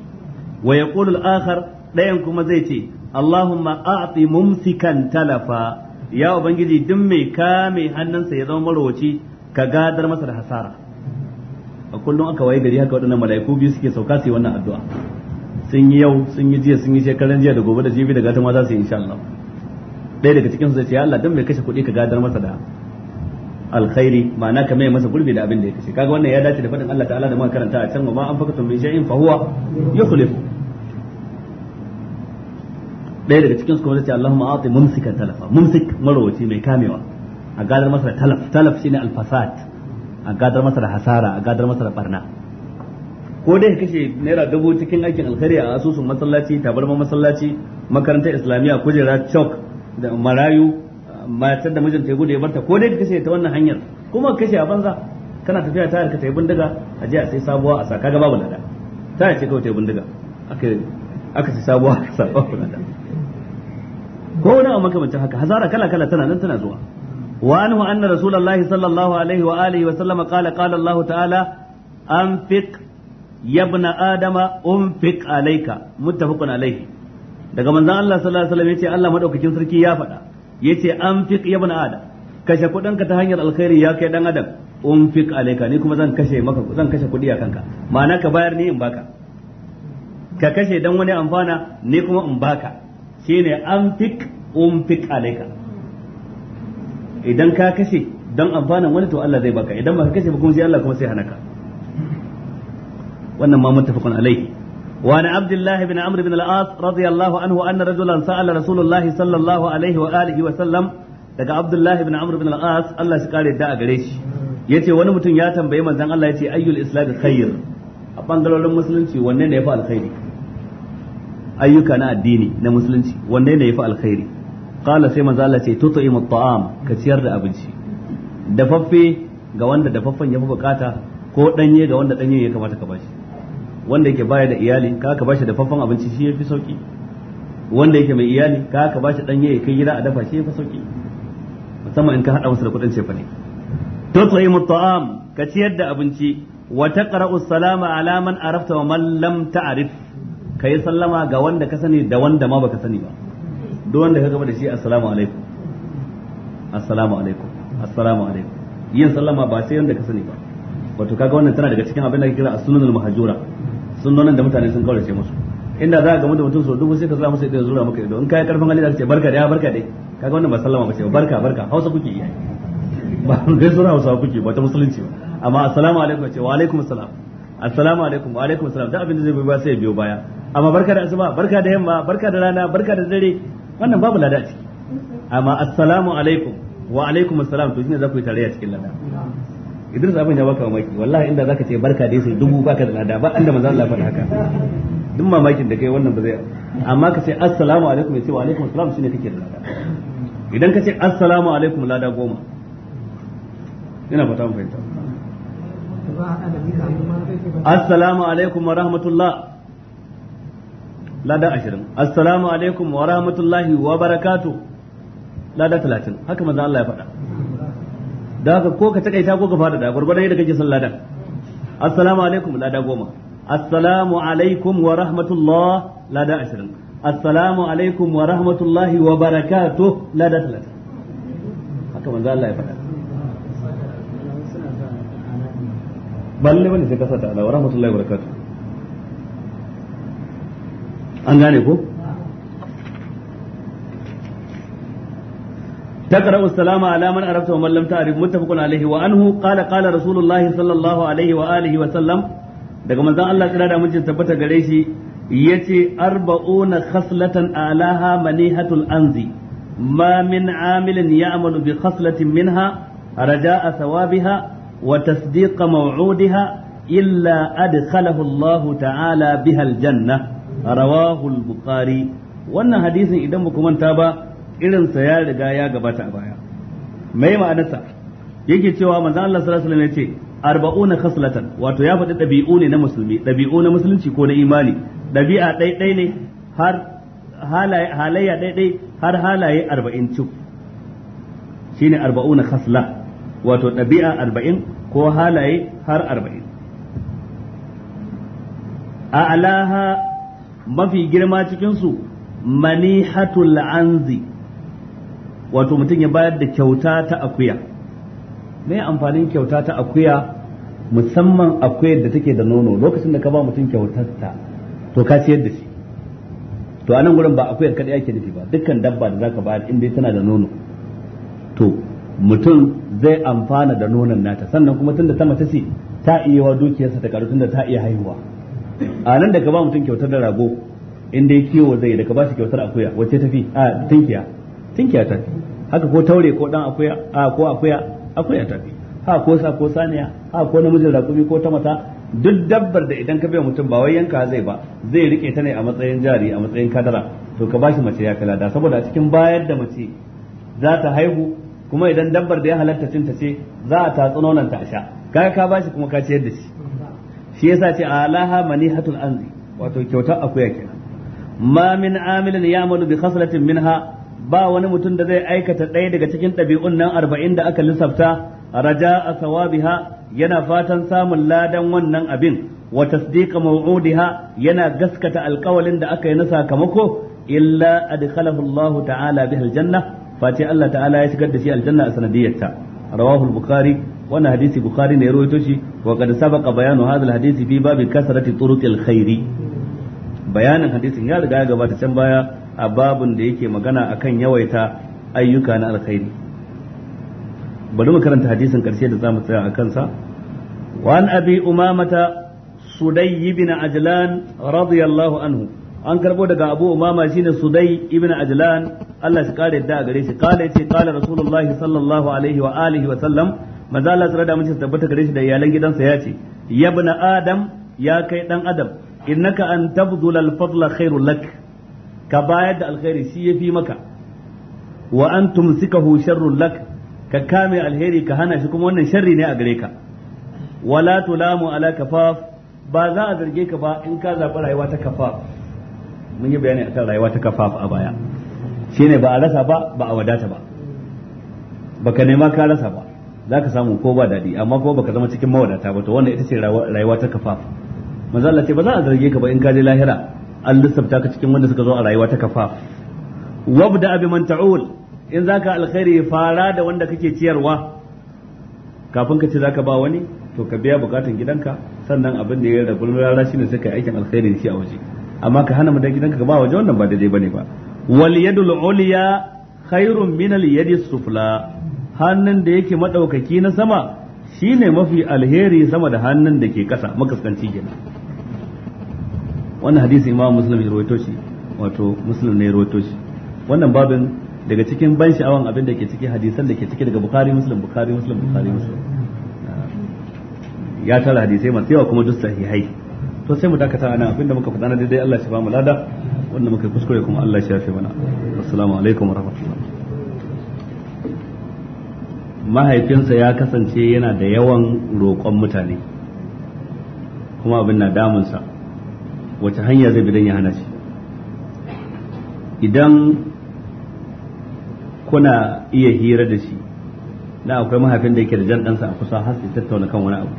wa yaqulu al-akhar dayan kuma zai ce Allahumma a'ti mumsikan talafa ya ubangiji dan mai kame hannunsa ya zama marwaci ka gadar masa da hasara a kullum aka waye gari haka waɗannan mala'iku biyu suke sauka su yi wannan addu'a sun yi yau sun yi jiya sun yi shekaran jiya da gobe da jibi da gata ma za su yi insha Allah ɗaya daga cikin su zai ce ya Allah dan mai kashe kuɗi ka gadar masa da alkhairi ma'ana ka mai masa gurbi da abin da ya kashe kaga wannan ya dace da faɗin Allah ta'ala da muka karanta a can wa ma an fakatu min shay'in fa huwa yukhlifu dai daga cikin su kuma zai Allahumma a'ti mumsikan talafa mumsik marowaci mai kamewa a gadar masa da talaf talaf shine alfasad a gadar masa da hasara a gadar masa da barna ko dai kashe naira dubu cikin aikin alkhairi a asusun masallaci tabarman masallaci makarantar islamiyya kujera chok da marayu matar da mijinta ya gode ya barta ko dai ka kashe ta wannan hanyar kuma ka kashe a banza kana tafiya ta harka ta yi bindiga a je a sai sabuwa a sa kaga babu nada ta ce kawai ta yi bindiga aka aka sai sabuwa a sa babu nada ko wani abu makamancin haka hazara kala kala tana nan tana zuwa wa anhu anna rasulullahi sallallahu alaihi wa alihi wa sallama qala qala Allah ta'ala anfiq ya ibn adama anfiq alayka muttafaqun alayhi. daga manzon Allah sallallahu alaihi wa sallam yace Allah madaukakin sarki ya faɗa yace anfiq ya bana adam kashe ka ta hanyar alkhairi ya kai dan adam unfiq alayka ni kuma zan kashe maka zan kashe kudi a kanka ma'ana ka bayar ni in baka ka kashe dan wani amfana ni kuma in baka shine anfiq unfiq alayka idan ka kashe dan amfanan wani to Allah zai baka idan ba ka kashe ba kuma sai Allah kuma sai hanaka wannan ma muttafaqun alayhi وعن عبد الله بن عمرو بن العاص رضي الله عنه ان رجلا سال رسول الله صلى الله عليه واله وسلم daga Abdullahi bin Amr bin al-As Allah shi kare da a gare shi yace wani mutum ya tambaye manzon Allah yace ayyul islam khair a bangarorin musulunci wanne ne yafi alkhairi ayyuka na addini na musulunci wanne ne yafi alkhairi qala sai manzon Allah ce tutu'imu at-ta'am ka ciyar da abinci dafaffe ga wanda dafaffen yafi bukata ko danye ga wanda danye ya kamata ka bashi wanda yake baya da iyali ka ka bashi da faffan abinci shi yafi sauki wanda yake mai iyali ka ka bashi dan ya kai gida a dafa shi yafi sauki musamman in ka hada masa da kudin cefa ne tut'imu at'am ka ciyar da abinci wa taqra'u salama ala man arafta wa man lam ta'rif kai sallama ga wanda ka sani da wanda ma baka sani ba duk wanda ka gaba da shi assalamu alaikum assalamu alaikum assalamu alaikum yin sallama ba sai wanda ka sani ba wato kaga wannan tana daga cikin abin da ake kira as-sunnah mahjura Sun sunnonin da mutane sun kaurace musu inda za ka gamu da mutum so dubu sai ka sa musu idan zura maka idan kai karfin hali da ce barka da barka dai kaga wannan ba sallama ba ce barka barka Hausa kuke yi ba dai zura Hausa kuke ba ta musulunci ba amma assalamu alaikum ce wa alaikum assalam assalamu alaikum wa alaikum assalam da abin da zai biyo sai ya biyo baya amma barka da asuba barka da yamma barka da rana barka da dare wannan babu lada ciki amma assalamu alaikum wa alaikum assalam to shine za ku yi tarayya cikin lada Idris abin ya baka mamaki wallahi inda zaka ce barka dai sai dubu baka da nada ba inda manzo Allah faɗa haka duk mamakin da kai wannan ba zai amma ka ce assalamu alaikum ya ce wa alaikum assalam shine kake da nada idan ka ce assalamu alaikum lada goma ina fata mun fahimta assalamu alaikum wa rahmatullah lada ashirin assalamu alaikum wa rahmatullahi wa barakatuh lada talatin haka manzo Allah ya faɗa da haka ko ka takaita ko ka fadada gurgurdan yadda kake sallah dan assalamu alaikum lada goma assalamu alaikum wa rahmatullah lada ashirin assalamu alaikum wa rahmatullahi wa barakatuh lada talatin haka manzo Allah ya faɗa balle bane sai ka sa ta ala wa rahmatullahi wa barakatuh an gane ko تقرأ السلام على من عرفت ومن لم تعرف متفق عليه وأنه قال قال رسول الله صلى الله عليه وآله وسلم daga manzon Allah kira da mun tabbata gare shi yace arba'una khaslatan alaha manihatul anzi ma min amilin ya'malu bi khaslatin minha raja'a thawabiha wa tasdiqa maw'udiha illa adkhalahu Allah ta'ala biha janna rawahu al-bukhari wannan hadisin idan ba manta ba irinsa ya riga ya gabata a baya mai ma'anarsa yake cewa manzo Allah sallallahu alaihi wasallam yace arba'una khaslatan wato ya faɗi ɗabi'u ne na musulmi ɗabi'u na musulunci ko na imani ɗabi'a ɗaiɗai ne har halayya ɗaiɗai har halaye arba'in cik shine arba'una khasla wato ɗabi'a arba'in ko halaye har arba'in a alaha mafi girma cikinsu manihatul anzi wato mutum ya bayar da kyauta ta akuya me amfanin kyauta ta akuya musamman akuya da take da nono lokacin da ka ba mutum ta to ka ciyar da shi to anan gurin ba akuyar kadai ake nufi ba dukkan dabba da zaka bayar in dai tana da nono to mutum zai amfana da nonon nata sannan kuma tunda ta mace ce ta iya wa dukiyarsa ta karu tunda ta iya haihuwa a nan da ka ba mutum kyautar da rago in dai kiwo zai da ka ba shi kyautar akuya wacce tafi a tinkiya tinkiya ta fi haka ko taure ko dan akuya a ko akuya akuya ta fi ha ko sa ko saniya ha ko namijin rakumi ko ta mata duk dabbar da idan ka bai mutum ba wai yanka zai ba zai rike ta ne a matsayin jari a matsayin kadara to ka bashi mace ya kala da saboda a cikin bayar da mace za ta haihu kuma idan dabbar da ya halatta cin ta ce za a tatsi ta a sha kaga ka bashi kuma ka ciyar da shi shi yasa ce alaha manihatul anzi wato kyautar akuya kenan ma min amilin ya'malu bi khaslatin minha ba wani mutum da zai aikata ɗaya daga cikin ɗabi'un nan arba'in da aka lissafta raja a sawabiha yana fatan samun ladan wannan abin wa tasdiqa maw'udiha yana gaskata alƙawalin da aka yi na sakamako illa adkhalahu Allah ta'ala bihi aljanna fati Allah ta'ala ya shigar da shi aljanna a sanadiyyarta rawahu al-bukhari wannan hadisi bukhari ne ya rawaito shi wa qad sabaqa bayanu hadha al-hadisi fi babi kasrati turuqil khairi bayanin hadisin ya riga ya gabata can baya a babun da yake magana akan yawaita ayyuka na alkhairi bari mu karanta hadisin karshe da zamu tsaya a kansa وعن أبي أمامة سدي بن عجلان رضي الله an karbo daga abu umama shine sudai ibn ajlan Allah shi kare da gare shi kala yace kala rasulullah sallallahu alaihi wa alihi wa sallam manzo Allah tsara da mace tabbata gare shi da iyalan gidansa yace ya ibn adam ya kai dan adam innaka an tabdul al fadla khairul lak ka bayar da alkhairi shi ya fi maka wa an tumsikahu sharrun lak ka kame alheri ka hana shi kuma wannan sharri ne a gare ka wala tulamu ala kafaf ba za a zarge ka ba in ka zaɓi rayuwa ta kafaf mun yi bayani akan rayuwa ta kafaf a baya shine ba a rasa ba ba a wadata ba baka nema ka rasa ba za ka samu ko ba daɗi amma ko baka zama cikin mawadata ba to wannan ita ce rayuwa ta kafaf manzo Allah ce ba za a zarge ka ba in ka je lahira an lissafta ka cikin wanda suka zo a rayuwa ta kafa wabda bi man ta'ul in zaka alkhairi fara da wanda kake ciyarwa kafin ka ce zaka ba wani to ka biya bukatun gidanka sannan abin da ya rabu rara shine sai kai aikin alkhairi shi a waje amma ka hana mutan gidanka ka ba waje wannan ba daidai bane ba wal yadul ulya khairun min al yadi sufla hannun da yake madaukaki na sama shine mafi alheri sama da hannun da ke kasa makaskanci kenan wannan hadisi imam muslim ya rawaito shi wato muslim ne ya rawaito shi wannan babin daga cikin ban sha'awan abin da ke ciki hadisan da ke ciki daga bukari muslim bukari muslim bukari muslim ya tara hadisai masu yawa kuma duk sahihai to sai mu dakata ana abin da muka faɗa na daidai Allah shi ba mu lada wanda muka kuskure kuma Allah shi ya fi mana assalamu alaikum wa rahmatullah mahaifinsa ya kasance yana da yawan roƙon mutane kuma abin na damunsa wace hanya zai bi don ya hana shi idan kuna iya hira da shi na akwai mahaifin da yake da jan ɗansa a kusa har su tattauna kan wani abu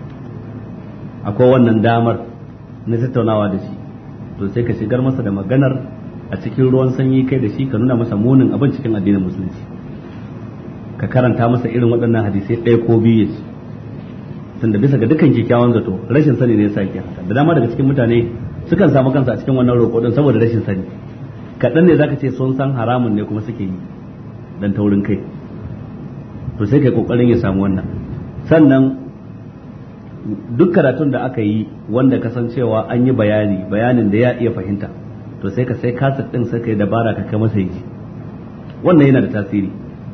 akwai wannan damar na tattaunawa da shi to sai ka shigar masa da maganar a cikin ruwan sanyi kai da shi ka nuna masa munin abin cikin addinin musulunci ka karanta masa irin waɗannan hadisai ɗaya ko biyu ya ci tunda bisa ga dukkan kyakkyawan zato rashin sani ne ya sa haka da dama daga cikin mutane sukan samu kansu a cikin wannan roƙo din saboda rashin sani kaɗan ne zaka ce sun san haramun ne kuma suke yi dan taurin kai to sai kai kokarin ya samu wannan sannan duk karatun da aka yi wanda kasancewa an yi bayani bayanin da ya iya fahimta to sai ka sai kasa din sai kai dabara ka kai masa yi wannan yana da tasiri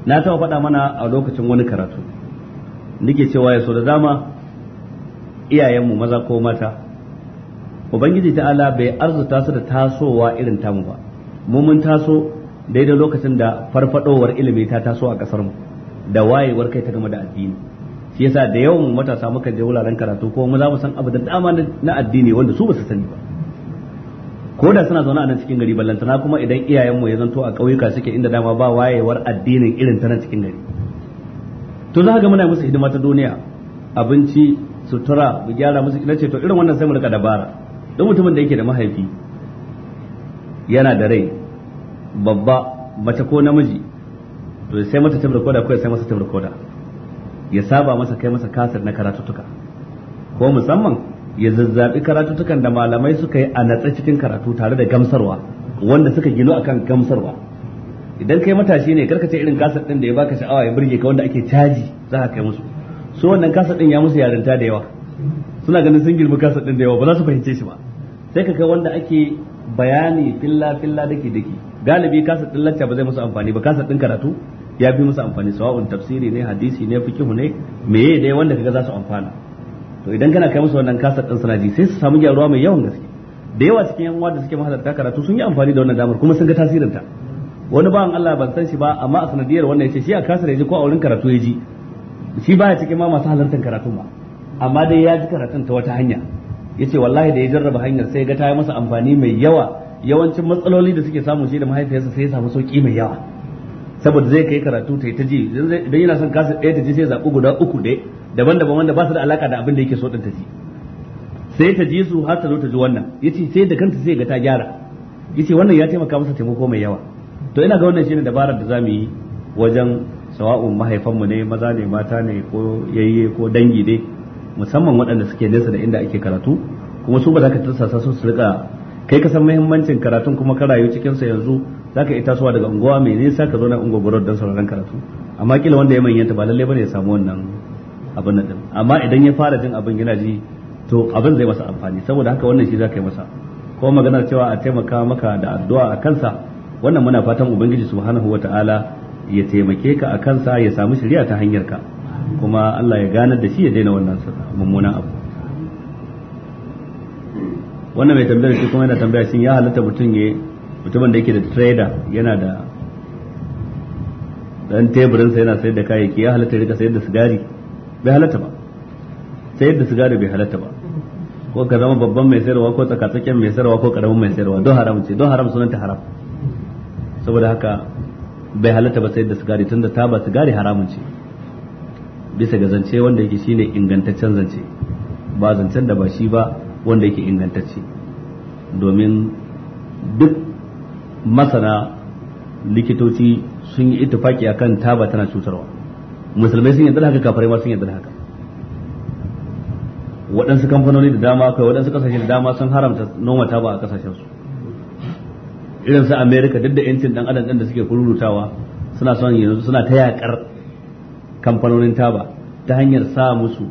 na taɓa faɗa mana a lokacin wani karatu nake cewa ya so da dama iyayenmu maza ko mata ubangiji ta'ala bai arzuta su da tasowa irin tamu ba mu mun taso daidai lokacin da farfadowar ilimi ta taso a kasar mu da wayewar kai ta gama da addini shi yasa da yawan matasa muka je wuraren karatu ko mu za mu san abu da dama na addini wanda su ba su sani ba ko da suna zaune a nan cikin gari ballantana kuma idan iyayenmu ya zanto a ƙauyuka suke inda dama ba wayewar addinin irin ta nan cikin gari to za ga muna musu hidima ta duniya abinci sutura mu gyara musu na ce to irin wannan sai mu rika dabara don mutumin da yake da mahaifi yana da rai babba mace ko namiji to sai mata tabar koda ko sai masa tabar koda ya saba masa kai masa kasar na karatuttuka ko musamman ya zazzabi karatuttukan da malamai suka yi a natsa cikin karatu tare da gamsarwa wanda suka gino akan gamsarwa idan kai matashi ne karka ce irin kasar din da ya baka sha'awa ya burge ka wanda ake caji za ka kai musu su wannan kasar din ya musu yarinta da yawa suna ganin sun girma kasar din da yawa ba za su fahimce shi ba sai ka kai wanda ake bayani filla filla dake dake galibi kasa lacca ba zai musu amfani ba kasa din karatu ya fi musu amfani sawa'un tafsiri ne hadisi ne fikihu ne meye ne wanda kaga za su amfana to idan kana kai musu wannan kasa din suna ji sai su samu gyaruwa mai yawan gaske da yawa cikin yan uwa da suke mahalarta karatu sun yi amfani da wannan damar kuma sun ga tasirin ta wani bawan Allah ban san shi ba amma a sanadiyar wannan yace shi a kasar yaji ko a wurin karatu yaji shi baya cikin ma masu halartar karatu ma amma dai ya ji karatun ta wata hanya yace wallahi da ya jarraba hanyar sai ga ta yi masa amfani mai yawa yawancin matsaloli da suke samu shi da mahaifiyarsa sai ya samu sauki mai yawa saboda zai kai karatu ta yi ta ji idan yana son kasa ɗaya ta ji sai zaɓi guda uku dai daban-daban wanda ba su da alaka da abin da yake so ɗin ta ji sai ta ji su har ta zo ta ji wannan yace sai da kanta sai ga ta gyara yace wannan ya taimaka masa taimako mai yawa to ina ga wannan shine dabarar da za mu yi wajen sawa'un mahaifanmu ne maza ne mata ne ko yayye ko dangi dai musamman waɗanda suke nesa da inda ake karatu kuma su ba za ka tarsasa su su rika kai ka san muhimmancin karatun kuma ka rayu cikin sa yanzu ka iya tasowa daga unguwa mai nisa ka zo na unguwar don sauraron karatu amma kila wanda ya manyanta ba lalle bane ya samu wannan abin nan din amma idan ya fara jin abin yana ji to abin zai masa amfani saboda haka wannan shi zaka yi masa ko maganar cewa a taimaka maka da addu'a a kansa wannan muna fatan ubangiji subhanahu wataala ya taimake ka a kansa ya samu shari'a ta hanyar ka kuma Allah ya ganar da shi ya daina wannan mummunan abu wannan mai tambayar shi kuma yana tambaya shin ya halatta mutum ya mutumin da yake da trader yana da dan teburinsa yana sayar da kayayyaki ya halatta rika sayar da sigari bai halatta ba sayar da sigari bai halatta ba ko ka zama babban mai sayarwa ko tsakatsakin mai sayarwa ko karamin mai sayarwa don haram ce don haram sunanta haram saboda haka bai halatta ba sayar da sigari tunda ta ba sigari haramun ce bisa ga zance wanda yake shine ingantaccen zance ba zancen da ba shi ba wanda yake ingantacce domin duk masana likitoci sun yi ittifaki akan taba tana cutarwa musulmai sun yarda haka kafirai ma sun yarda haka waɗansu kamfanoni da dama kai waɗansu ƙasashe da dama sun haramta noma taba a ƙasashen su irin su america duk da yancin ɗan adam din da suke kururutawa suna son yanzu suna ta yakar kamfanonin taba ta hanyar sa musu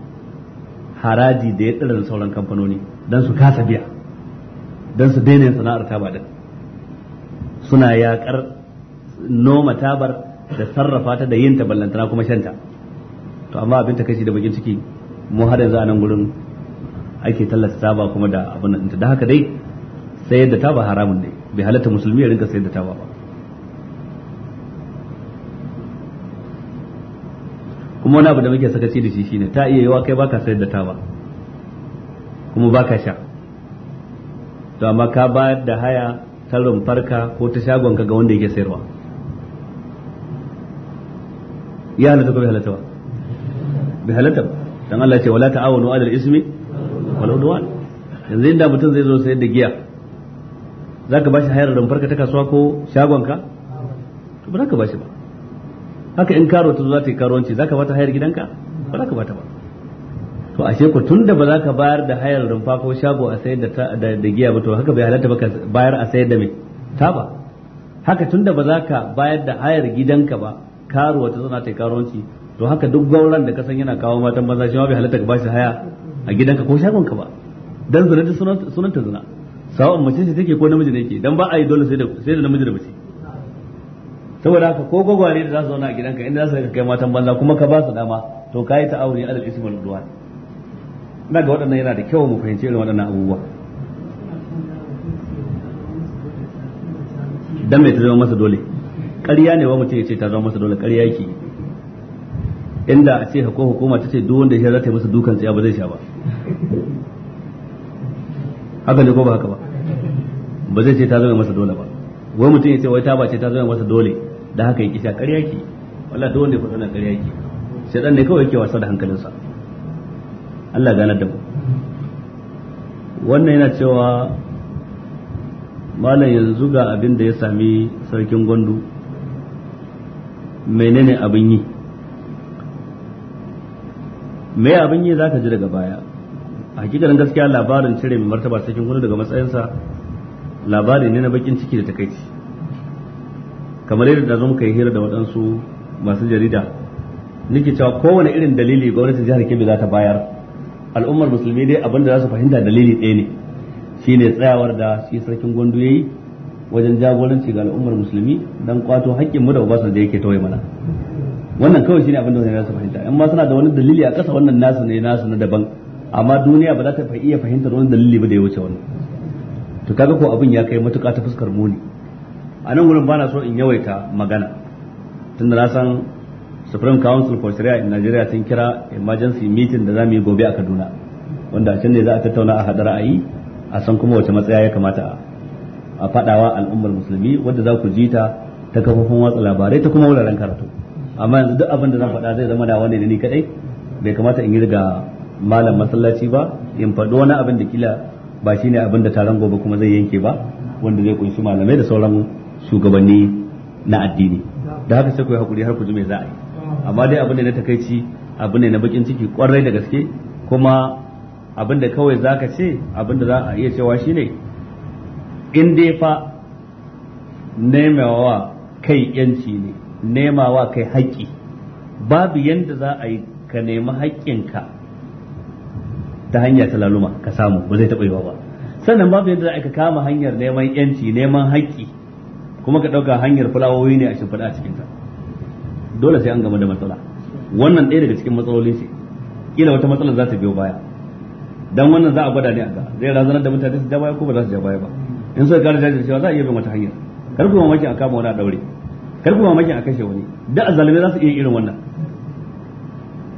haraji da ya tsira da sauran kamfanoni don su kasa biya don su daina sana'ar taba din suna yakar noma tabar da sarrafa ta da yin ta ballantana kuma shanta to amma abin takaici da bakin ciki mu har yanzu a nan gurin ake tallata taba kuma da abin nan da haka dai sayar da taba haramun ne bai halatta musulmi ya rinka sayar da taba ba kuma wani abu da muke sakaci da shi shine ta iya wa kai baka sayar da taba kuma baka sha to amma ka bayar da haya ta rumfarka ko ta shagon ka ga wanda yake sayarwa ya halatta ko bai halatta ba bai halatta ba dan Allah ce wala ta'awunu 'alal ismi wal udwan yanzu inda mutum zai zo sayar da giya zaka bashi hayar rumfarka ta kasuwa ko shagon ka to ba zaka bashi ba haka in karo ta zo za ta yi karuwanci za ka bata hayar gidanka ba za ka bata ba to ashe tun tunda ba za ka bayar da hayar rumfa ko shago a sayar da da giya ba to haka bai halatta ba ka bayar a sayar da mai taba haka tunda ba za ka bayar da hayar gidanka ba karuwa ta zauna ta yi karuwanci to haka duk gauran da ka san yana kawo matan maza shi ma bai halatta ka bashi haya a gidanka ko shagonka ba dan zuna da sunanta zuna sawa'un mace ce take ko namiji ne ke dan ba a yi dole sai da namiji da mace saboda haka ko gwagware da za su zauna a gidanka inda za su kai matan banza kuma ka ba su dama to ka yi ta'awuni a dalilin wal udwan ina ga waɗannan yana da kyau mu fahimci irin waɗannan abubuwa dan mai ta zama masa dole ƙarya ne wa mutum ya ce ta zama masa dole ƙarya yake inda a ce ko hukuma ta ce duk wanda ya za ta yi masa dukan tsaya ba zai sha ba haka ne ko ba haka ba ba zai ce ta zama masa dole ba wai mutum ya ce wai ta ba ce ta zama masa dole da haka yake sha ƙarya ke wallah duk wanda ya faɗa na ƙarya sai dan ne kawai yake wasa da hankalinsa Allah gane da mu wannan yana cewa malam yanzu ga abin da ya sami sarkin gwandu menene abin yi me abin yi zaka ji daga baya a hakikanin gaskiya labarin cire mai martaba sarkin gwandu daga matsayinsa labari ne na bakin ciki da takaici kamar yadda zan kai hira da waɗansu masu jarida nake cewa kowane irin dalili gwamnatin jihar Kebbi za ta bayar al'ummar musulmi dai abin da za su fahimta dalili ɗaya ne shine tsayawar da shi sarkin gwandu yayi wajen jagoranci ga al'ummar musulmi dan kwato haƙƙin mu da ubasan da yake tawaye mana wannan kawai shine abin da za su fahimta amma suna da wani dalili a ƙasa wannan nasu ne nasu na daban amma duniya ba za ta iya fahimtar wani dalili ba da ya wuce wannan to kaga ko abin ya kai matuƙa ta fuskar muni a nan wurin bana so in yawaita magana tun da na san supreme council for sharia in nigeria sun kira emergency meeting da za mu yi gobe a kaduna wanda a can ne za a tattauna a haɗa ra'ayi a san kuma wace matsaya ya kamata a faɗawa al'ummar musulmi wadda za ku ji ta ta kafofin watsa labarai ta kuma wuraren karatu amma yanzu duk abin da zan faɗa zai zama da wani da ni kaɗai bai kamata in yi daga malam masallaci ba in faɗi wani abin da kila ba shine abin da taron gobe kuma zai yanke ba wanda zai kunshi malamai da sauran shugabanni na addini da haka sai ku yi hakuri har ku ji me za a yi amma dai abin da na takaici abin ne na bakin ciki kwarai da gaske kuma abin da kawai za ka ce abin da za a iya cewa shine in dai fa nemawa kai yanci ne nemawa kai haƙƙi babu yanda za a yi ka nemi haƙƙinka ta hanya ta laluma ka samu ba zai taɓa yiwa ba sannan babu yadda za a ka kama hanyar neman yanci neman haƙƙi kuma ka ɗauka hanyar fulawoyi ne a shimfiɗa a cikinta dole sai an gama da matsala wannan ɗaya daga cikin matsaloli ce kila wata matsala za ta biyo baya dan wannan za a gwada ne a ga zai razanar da mutane su ja baya ko ba za su ja baya ba in ka kara cewa za a iya bin wata hanyar kar ku mamakin a kama wani a daure kar ku mamakin a kashe wani da azzalumai za su iya irin wannan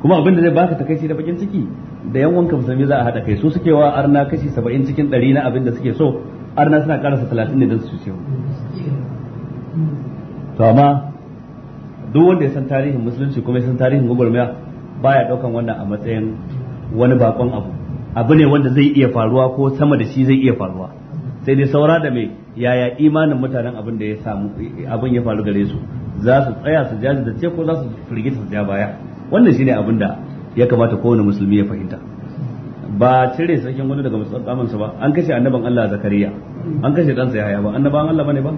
kuma abin da zai baka ta shi da bakin ciki da yan wanka musulmi za a hada kai su suke wa arna kashi 70 cikin 100 na abin da suke so arna suna karasa 30 ne don su ce to amma duk wanda ya san tarihin musulunci kuma ya san tarihin gwagwarmaya baya daukan wannan a matsayin wani bakon abu abu ne wanda zai iya faruwa ko sama da shi zai iya faruwa sai dai saura da mai yaya imanin mutanen abin da ya samu abin ya faru gare su za su tsaya su jaji da ce ko za su firgita su ja baya wannan shine abin da ya kamata kowane musulmi ya fahimta ba cire sakin wani daga musulman ba an kashe annaban Allah Zakariya an kashe ɗansa Yahaya ba annaban Allah bane ba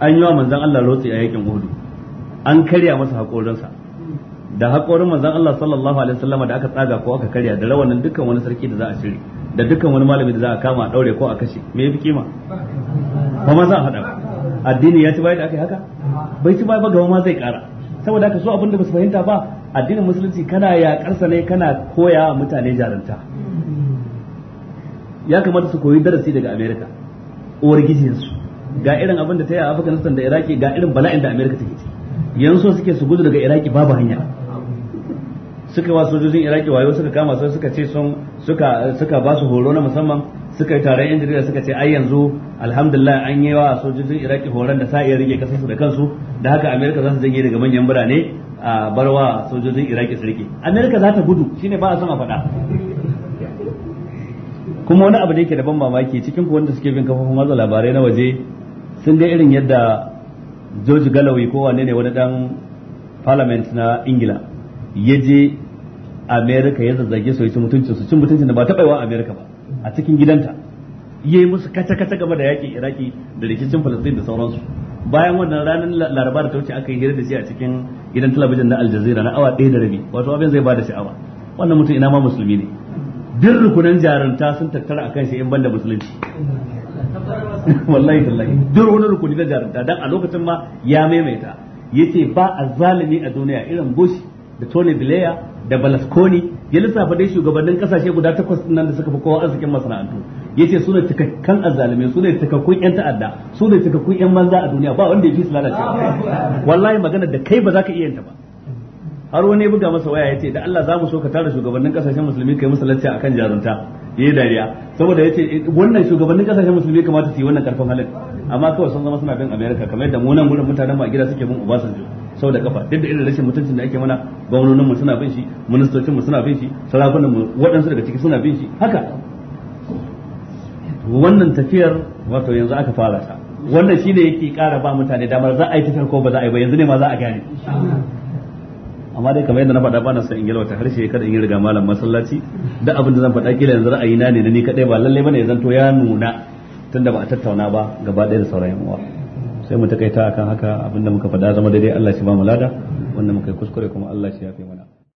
an yi wa manzan Allah lotsi a yakin Uhud an karya masa haƙorinsa da haƙorin manzan Allah sallallahu alaihi wasallama da aka tsaga ko aka karya da rawanin dukkan wani sarki da za a shiri da dukkan wani malami da za a kama a daure ko a kashe me yafi kima ba ma za a hada addini ya ci bai da aka yi haka bai ci bai ba gaba ma zai kara saboda haka so abin da ba su fahimta ba addinin musulunci kana yakar sa ne kana koya mutane jarunta ya kamata su koyi darasi daga America uwar gijinsu ga irin abin da ta yi a Afghanistan da Iraki ga irin bala'in da Amerika take ci yanzu suke su gudu daga Iraki babu hanya suka wa sojojin Iraki wayo suka kama su suka ce sun suka suka ba su horo na musamman suka yi taron yan jarida suka ce ai yanzu alhamdulillah an yi wa sojojin Iraki horon da sa iya rike kasar su da kansu da haka Amerika za su janye daga manyan birane a bar wa sojojin Iraki su rike Amerika za ta gudu shine ba a sama a faɗa kuma wani abu da yake da ban mamaki cikin ku wanda suke bin kafofin watsa labarai na waje sun dai irin yadda George Galloway ko wane ne wani dan parliament na Ingila ya je America ya zazzage su yi mutuncin su cin mutuncin da ba taɓa wa America ba a cikin gidanta ya yi musu kata-kata game da yakin Iraki da rikicin Falastin da sauransu bayan wannan ranar laraba da ta wuce aka yi hira da shi a cikin gidan talabijin na Aljazeera na awa ɗaya da rabi wato abin zai bada sha'awa wannan mutum ina ma musulmi ne duk rukunan jarunta sun tattara akan shi in da musulunci wallahi wallahi duk wani rukuni na jarumta dan a lokacin ma ya maimaita yace ba azzalimi a duniya irin Bush da Tony Blair da Berlusconi ya lissafa dai shugabannin kasashe guda takwas nan da suka fi kowa arzikin masana'antu yace su ne cikakkan azzalimi su ne cikakkun yan ta'adda su ne cikakkun yan manza a duniya ba wanda ya fi su lalace wallahi magana da kai ba za ka iya yanta ba har wani buga masa waya yace da Allah za mu so ka tara shugabannin kasashen musulmi kai musu lacca akan jarunta yayi dariya saboda yace wannan shugabannin kasashen musulmi kamata su yi wannan karfin halin amma kawai sun zama suna bin America kamar yadda mu nan gurin mutanen mu a gida suke bin Obasanjo sau da kafa duk da irin rashin mutuncin da ake mana gwamnonin mu suna bin shi ministocin mu suna bin shi sarakunan mu waɗansu daga ciki suna bin shi haka wannan tafiyar wato yanzu aka fara ta wannan shine yake kara ba mutane damar za a yi tafiyar ko ba za a yi ba yanzu ne ma za a gane amma dai kamar yadda na faɗa bana son in yalwata harshe kada in yi riga malam masallaci da abin da zan faɗa kila yanzu ra'ayi na ne da ni kadai ba lalle bane zan to ya nuna tunda ba a tattauna ba gaba ɗaya da sauran yan uwa sai mu takaita akan haka da muka faɗa zama daidai Allah shi ba mu lada wanda muka yi kuskure kuma Allah shi ya fi mana